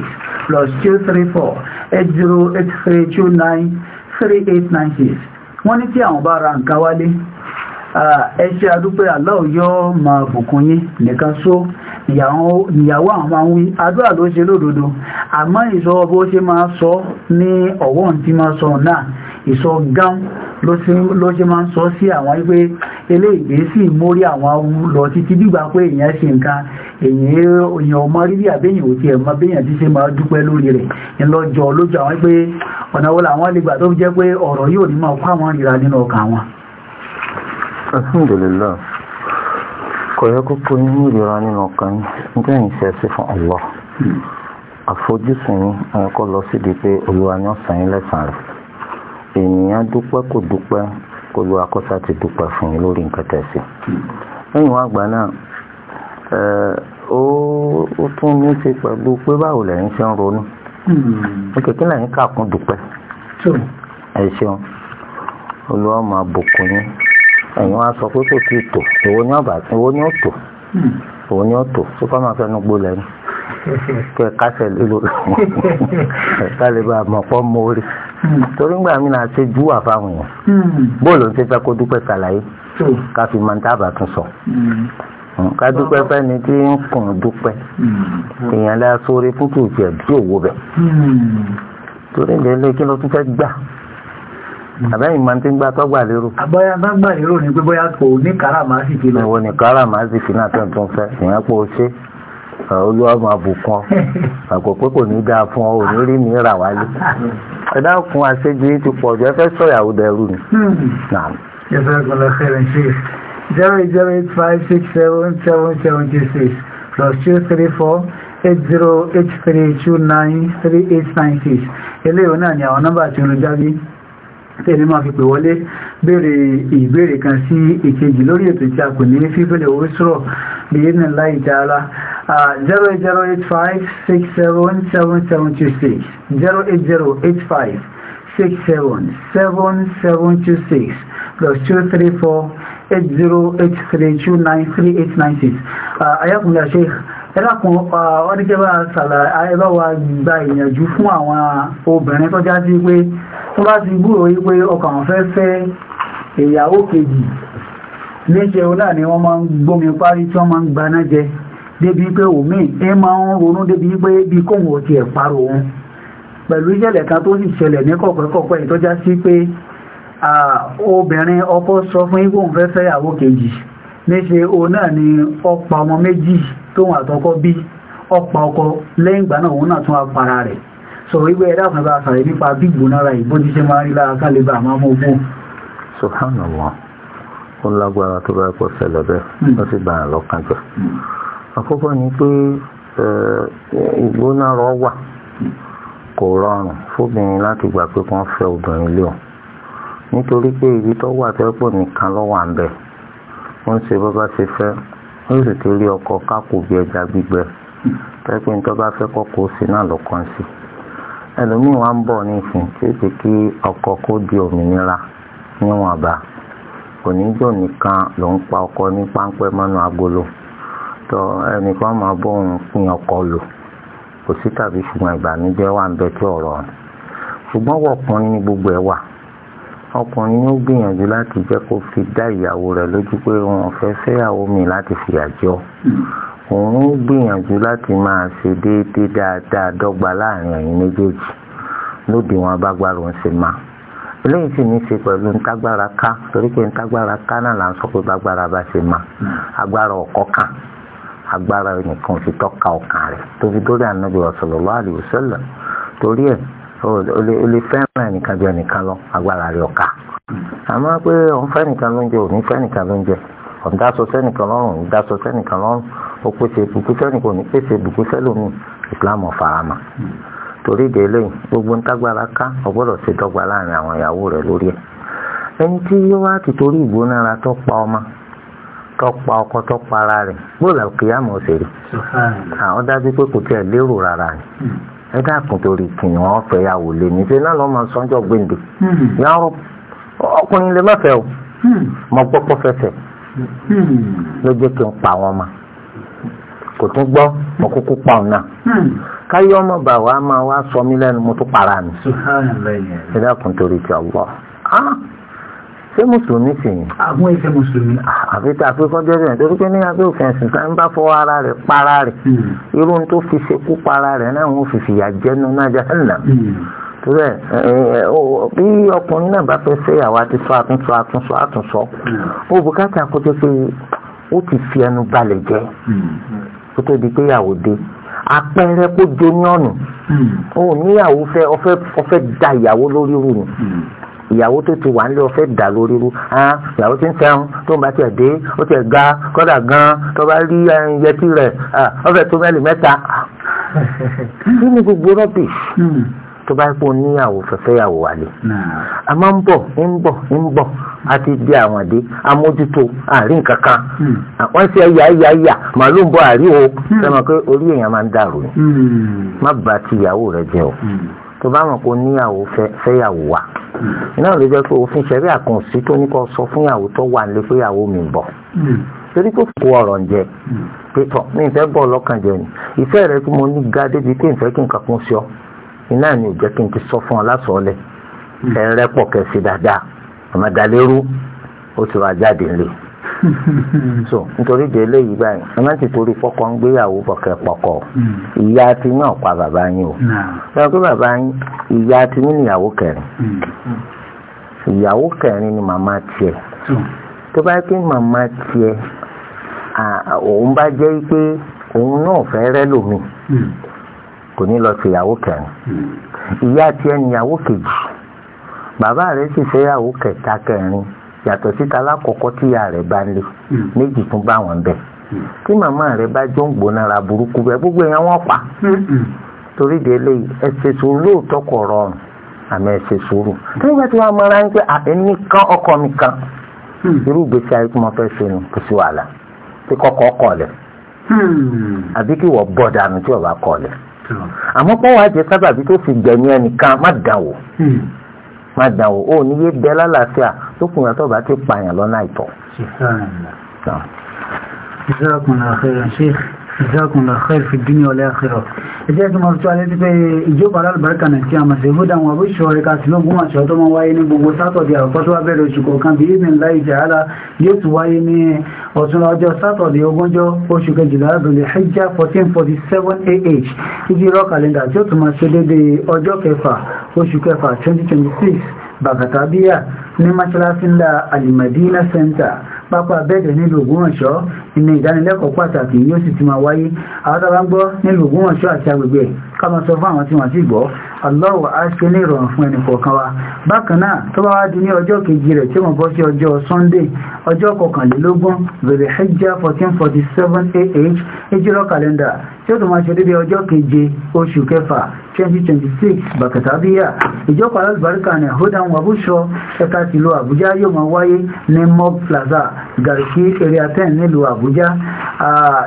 plus two three four eight zero eight three two nine three eight nine six wọ́n ní tí àwọn bá ra nǹkan wálé ẹ ṣe àdúpẹ́ aláwọ̀ yọ máa bùkún yín nìkan só ìyàwó àwọn máa ń wí àdúrà ló ṣe lódodo àmọ́ ìsọ bó ṣe máa sọ ní ọ̀wọ́n tí máa sọ náà ìsọ gán ló ṣe máa ń sọ sí àwọn wípé eléyìí sì mórí àwọn lọ títí dìgbà pé èyàn ṣe nǹkan èyàn ọmọ rírí àbẹ́yìn òtí ẹ̀mọ béèyàn ti ṣe máa dúpẹ́ lórí rẹ̀ ńlọ́jọ́ lójú àwọn pé ọ̀nà làwọn lè gbà tó jẹ́ pé ọ̀rọ̀ yóò ní máa àwọn yẹ sí fún hmm. lọ pé olúwa ni ọ̀sán rẹ̀ ènìyàn dúpẹ́ kò dúpẹ́ kò lu akọ́sà ti dúpẹ́ fún yín lórí nǹkan tẹ̀sí lẹ́yìn wá gbà náà ó tún ní ṣe pẹ̀lú pé báwo lẹ́yìn ṣe ń ronú kẹ̀kẹ́ hmm. lẹ́yìn kàkún dúpẹ́ ẹ ṣeun olúwa máa bùkún yín ẹ̀yin wá sọ pé kò tí ì tò èwo ni ó tò òun hmm. ni ó tò tó kọ́ máa fẹnu gbó lẹ́nu kẹ́ kásẹ̀ lílo kálíbà mọ̀pọ́ mórí. Hmm. torí ń gbà mí náà ṣe júwà fáwọn èèyàn hmm. bóòlù ń ṣe fẹ́ kó dúpẹ́ ṣàlàyé hmm. ká fi máa ń tábà tún sọ ká dúpẹ́ fẹ́ni tí ń kùn dúpẹ́ èèyàn lẹ́ sórí fún kì í tiẹ̀ bí òwò bẹ̀ torí ń délé kí ló tún fẹ́ gbà àbẹ́yìn máa ti ń gbá tọ́gbà lérò. àbáyá bá gbà lérò ní pé bóyá kò ní káràmásìkì lọ. ìwọ ní káràmásìkì náà tó ń tún fẹ́ ìyẹn pé o ṣe ọ̀sán olúwa máa bù kan àpò pé kò ní dáa fún ọ òní rí mi rà wálé ẹ dákun àṣejù ti pọ̀ jù ẹ fẹ́ sọ ìyàwó ni. Hmm. zero eight zero eight five six seven seven seven two six plus two three four eight zero eight three two nine three eight nine six eléyìí náà ni àwọn nọ́mbà tí olùjáde tẹ́lẹ̀ máa fi pè wọlé béèrè ìbéèrè kan sí ìkejì lórí ètò tí a kò ní fífẹ́lẹ̀ owó sọ̀rọ̀ bí yìí nìlá ìjà ara 08085677726 uh, 08085677726 plus 2348083293896 uh, ayakunle sheikh ẹlákun uh, wọ́n ní kẹwàá sàlà ẹbá wa gba ìyànjú fún àwọn obìnrin tó já sí pé tó bá ti gbúrò yí pé ọkàn fẹ́ fẹ́ ìyàwó kejì níṣẹ́ ọlá ni wọ́n máa ń gbómi parí tí wọ́n máa ń gbaná jẹ débi pé omi ẹ máa ń ronú débi pé bí kóhùn ọtí ẹ̀ parọ́ òun pẹ̀lú ìṣẹ̀lẹ̀ kan tó sì ṣẹlẹ̀ ní kọ̀pẹ́kọ̀pẹ́ yìí tó já sí pé obìnrin ọkọ sọ fún igbóhùn fẹ́ fẹ́yàwó kejì níṣe òun náà ni ọpa ọmọ méjì tóun àtọkọ bí ọpa ọkọ lẹ́yìn ìgbà náà òun náà tún apara rẹ̀ sọ̀rọ̀ ìgbẹ́ ẹ̀dá kan bá sàrẹ̀ nípa bí ìgbónára ìbó ti ṣe máa ń rí lára kálẹ̀ bá máa mú ogún. subhanallah ó lágbára tó bá pọ̀ ṣẹlẹ̀ bẹ́ẹ̀ hmm. ó sì bá àlọ́kàn jẹ́ àkọ́kọ́ ni pé ìgbóná rọ wà kò rọrùn fóbìnrin láti gbà pé kí fẹ́ obìnrin nítorí pé ibi tó wà tẹ́pọ̀ nìkan ló ń bẹ̀ ó ń ṣe bó bá ẹja gbígbẹ tẹ́pẹ́ tó bá fẹ́ kọ́kọ́ sí náà sí ẹlòmíì wá ń bọ̀ ọkọ kó di òmìnira níwọ̀nba kò ní jò nìkan ló ń pa ọkọ ní páńpẹ́ agolo. tọ ẹnìkan máa bóun fún ọkọ lò kò sí tàbí ṣùgbọ́n ìbànújẹ́ wà ń bẹ tí ọ̀rọ̀ ọ̀nà ṣùgbọ́n ọkùnrin ní gbogbo ẹ̀ wà ọkùnrin ó gbìyànjú láti jẹ́ kó fi dá ìyàwó rẹ̀ lójú pé wọn ò fẹ́ fẹ́yàwó mi láti fìyà jọ òun ó gbìyànjú láti máa ṣe déédéé dáadáa dọ́gba láàrin ẹ̀yin méjèèjì lóde wọn abágbára ń ṣe máa eléyìí sì ní í ṣe pẹ̀lú ntágbára ká torí pé ntágbára ká náà là ń sọ pé bágbára bá ṣe máa agbára ọ̀kọ́ kan agbára nìkan fi tọ́ka ọkàn rẹ̀ tó fi dórí ànábì sallallahu alaihi wasallam torí ẹ̀ o lè fẹ́ràn ẹnìkan ju ẹnìkan lọ agbára rẹ̀ ọ̀ka àmọ́ pé òun fẹ́ nìkan ló ń jẹ òun fẹ́ nìkan ló ń jẹ òun dáṣọ sẹ́nìkan lọ́rùn òun dáṣọ sẹ́nìkan lọ́rùn ó pèsè ìbùkún sẹ́nìkan òun pèsè ìbùkún sẹ́lòmí Islam ọ̀farama torí ìdè eléyìí gbogbo ń tágbára ká ọgbọ́dọ̀ ṣe dọ́gba láàrin àwọn ìyàwó rẹ̀ lórí ẹ̀ ẹni tí yóò wá ti torí ìgbónára tó pa ọmọ kọ́ pa ọkọ tó para rẹ̀ bóòlù àkìyàmọ̀ òṣèré àwọn dájú pé kò tiẹ̀ lérò rárá ni hmm. ẹ dákun torí kìnìún ọ̀fẹ́ yàwó lé ní ṣe náà lọ́ máa sọ́njọ́ gbèǹde hmm. yàrá ọkùnrin lè má fẹ́ o hmm. mọ ma kò tún gbọ́ pa òun ṣé mùsùlùmí sì yìn. àwọn ẹsẹ̀ mùsùlùmí. àfi tá a fi kọjá bẹ́ẹ̀ torí pé ní abẹ́ òfin ẹ̀sìn tá ń bá fọwọ́ ara rẹ̀ para rẹ̀ hmm. irú tó fi ṣekú para rẹ̀ náà wọ́n fi fìyà jẹ́nu náà jẹ́ ẹ̀nà torí ẹ bí ọkùnrin náà bá fẹ́ fẹ́ ìyàwó àtúnṣọ àtúnṣọ àtúnṣọ àtúnṣọ hmm. ó bùkátà kó tó pé ó ti fi ẹnu balẹ̀ jẹ́ hmm. kó tó di pé dé àpẹẹrẹ kó jẹ ní ọ̀nà òun níyàwó fẹ́ ọfẹ́ da ìyàwó lórí rù ni ìyàwó tó ti wà ń lé ọfẹ́ dà lórí ru ìyàwó tí ń sẹ́wọ̀n tó ń bá tiẹ̀ dé ó tiẹ̀ ga kọ́dà gan tó bá rí yẹtí rẹ̀ ọfẹ́ tó mẹ́lì mẹ́ta kí ni gbogbo rọ́bì hmm. tó bá pọ̀ níyàwó fẹ́fẹ́ yàwó wálé a máa ń bọ̀ ń bọ̀ ń bọ̀ a ti di àwọn àdé amójútó àárín kankan hmm. wọ́n ṣe ẹ̀yà ẹ̀yà ẹ̀yà màálù ń bọ̀ àrí o sẹ́wọ̀n hmm. pé orí èèyàn máa ń dàrú ni má bà ti ìyàwó rẹ jẹ́ o tó bá mọ̀ pé oníyàwó fẹ́yàwó wa hmm. náà ló jẹ́ pé òfin ṣẹ̀rí àkànṣí tó ní kó sọ fún ìyàwó tó wà nílé pé ìyàwó mi ń bọ̀ hmm. torí pé kò ọ̀rọ̀ ń jẹ hmm. pé tọ̀ mi ìfẹ́ bọ̀ lọ́kàn jẹ ni ìfẹ́ rẹ tí mo ní ga débi pé ìfẹ́ kí n kankan sí ọ iná ni ò jẹ́ kí n ti sọ fún ọ lásọ̀ọ́lẹ̀ ẹ̀rẹ́ pọ̀ kẹ̀sì dáadáa àmàdàlérú ó ti wà jáde nílé so nítorí de eléyìí báyìí ẹ má ti torí pọkọ ń gbéyàwó pọkẹ pọkọ ìyá ti náà pa bàbá yín o sọ pé bàbá yín ìyá ti ní ìyàwó kẹrin ìyàwó kẹrin ni màmá tiẹ̀ tó bá pé màmá tiẹ̀ òun bá jẹ́ pé òun náà fẹ́ rẹ́ lómi hmm. kò ní lọ sí ìyàwó kẹrin hmm. ìyá tiẹ̀ ni ìyàwó kejì bàbá rẹ̀ sì fẹ́ ìyàwó kẹta kẹrin yàtọ̀ síta alákọ̀ọ́kọ́ tí ìyá rẹ̀ bá ń lé hmm. méjì tún bá wọn bẹ̀ hmm. tí màmá rẹ̀ bá jó ń gbónára burúkú bẹ́ẹ̀ gbogbo èèyàn wọ́n pa hmm, torí de eléyìí ẹsẹ̀ sùúrù lóòótọ́ kò rọrùn àmọ́ ẹsẹ̀ sùúrù nígbà tí wọ́n mọra ń pẹ́ ẹni kan ọkọ mi kan irú ìgbésí ayé tí mo fẹ́ ṣe nù kò sí wàhálà pé kọ́kọ́ kọ̀ lẹ̀ àbí kí wọ́n bọ̀ dànù tí wọ́n bá kọ̀ lẹ̀ àmọ́ pọ́wọ́ àjẹsábàbí tó fi gbẹ̀mí ẹnìkan má dàn wò má dàn o ò ní yé bẹ lálàáfíà tó kùn yàtọ̀ bá ti pààyàn lọ́nà àìtọ́. ṣe fẹ́ràn ìlà. ṣe fẹ́ràn ìlà ìzákùnlá khair fi dunya wal akhirah ẹjẹ́ tí mo tọ́ alẹ́ ti pé ìjọba alábàárìkà nàìjí àmà sí ìhúdà wọn àbú ìṣọ́ ẹ̀ka sí lógún àṣọ tó máa wáyé ní gbogbo sátọ̀dẹ̀ àkọ́kọ́ tó wá bẹ̀rẹ̀ oṣù kọ̀ọ̀kan bí ìsìn láì jàálà yóò 1447 ah ìjírọ̀ kàlẹ́ndà tí ó tún máa ṣe déédéé ọjọ́ kẹfà oṣù 2026 bàkàtàbíyà ní mọ́ṣáláṣí ńlá alimadina center pápá bẹ́ẹ̀dẹ̀ nílùú ògbómọ̀ṣọ́ ìní ìdánilẹ́kọ̀ọ́ pàtàkì yóò sì ti máa wáyé àwọn tàbá ń gbọ́ nílùú ògbómọ̀ṣọ́ àti agbègbè ká máa sọ fún àwọn tí wọ́n sì gbọ́ Allahu á ní ìrọ̀rùn fún ẹnì wa bákan náà tó bá wá di ní ọjọ́ kejì rẹ̀ tí wọ́n bọ́ sí ọjọ́ Sunday ọjọ́ kọkànlélógún bèrè hijjah 1447 ah ejirọ́ kàlẹ́ndà tí ó tó máa ṣe dédé ọjọ́ keje oṣù kẹfà 2026 bàkàtàbíyà ìjọpọ̀ alábàríkà ni àhódà wọn àbúṣọ ẹ̀ka láti ìlú àbújá yóò máa wáyé ní mob plaza garki area ten nílùú àbújá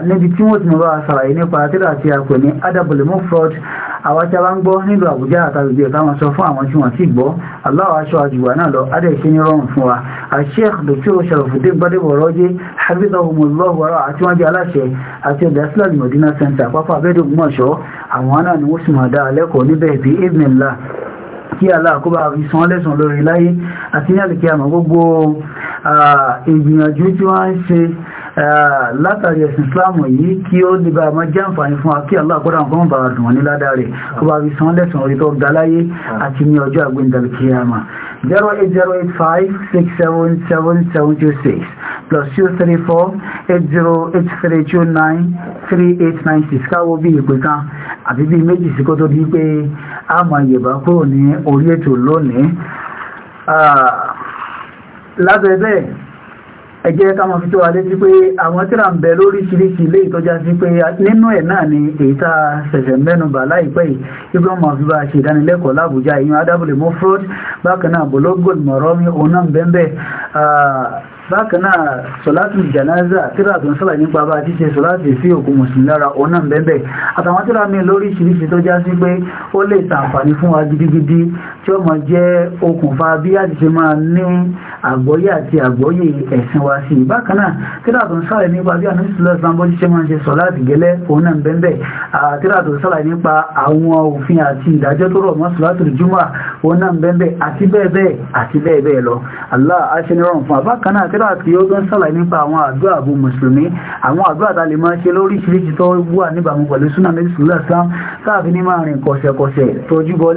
níbi tí wọ́n ti mọ̀ bá a ṣàlàyé nípa tírà àti àpò ní adabule mufrod àwọn tí a bá ń gbọ́ nílùú àbújá àtàgbègbè ká máa sọ fún àwọn tí wọ́n sì gbọ́ aláwọ̀ aṣọ àjùwà náà lọ adẹ́ṣe ní rọrùn fún wa àṣeéh dr sharafudin gbadebo rọjé habibahumullah wàrà àti wọn jẹ aláṣẹ àti ọjà islam medina center pápá abẹ́dògbòmọ̀ṣọ́ àwọn náà ni wọ́n sì máa dá alẹ́kọ̀ọ́ níbẹ̀ bí ibnillah kí aláàkóbá ìsan lẹ́sàn lórí láyé àti ní àlèkí àmà gbogbo ìgbìyànjú tí wọ́n ń ṣe látàrí ẹ̀sìn islamu yìí kí ó dìbà máa jẹ́ àǹfààní fún akí aláàkóbá nǹkan bá dùn ní ládà rẹ̀ kóbá ìsan lẹ́sàn orí tó ga láyé àti ní ọjọ́ àgbéǹdàlèkí àmà 08085677726 plus 2348083293896 káwọ́ bí ìpè kan àbí bí méjì sí kó tó di pé àmọ́ yorùbá kúrò ní orí ètò lónìí lábẹ́ bẹ́ẹ̀ ẹ jẹ́ ká máa fi tó wa létí pé àwọn tíra ń bẹ lóríṣiríṣi ilé ìtọ́já sí pé nínú ẹ̀ náà ni èyí tá a ṣẹ̀ṣẹ̀ mẹ́nubà láìpẹ́ yìí ibi wọn máa fi bá a ṣe ìdánilẹ́kọ̀ọ́ lábújá bákan náà sọ̀látù jànáza tíra tó ń nípa bá ti ṣe sọ̀látù sí òkú mùsùlùmí lára ọ̀nà bẹ́ẹ̀bẹ̀ àtàwọn tíra mi lóríṣiríṣi tó já sí pé ó lè ṣàǹfààní fún wa gidigidi tí ó mọ̀ jẹ́ okùnfà bí a ti ṣe máa ní àgbọ́yé àti àgbọ́yé ẹ̀sìn wa sí bákan náà tíra tó ń sọ́lá nípa bí àná sílẹ̀ sanbó ṣe máa ń ṣe sọ̀látù gẹ́lẹ́ ọ̀nà bẹ́ẹ̀bẹ̀ tíra tó ń sọ́lá nípa àwọn òfin àti ìdájọ́ tó rọ̀ mọ́ sọ̀látù jùmọ̀ ọ̀nà bẹ́ẹ̀bẹ̀ àti bẹ́ẹ̀ bẹ́ẹ̀ àti bẹ́ẹ̀ bẹ́ẹ̀ lọ Allah aṣẹ́nirọ̀rùn tíra tí ó tó ń sàlàyé nípa àwọn àdúrà àbò mùsùlùmí àwọn àdúrà tá lè máa ṣe lóríṣiríṣi tó wà níbàmú pẹ̀lú súnà méjì sílẹ̀ sáà sáàfin ní máa rìn kọ̀ṣẹ̀kọ̀ṣẹ̀ tójú bọlé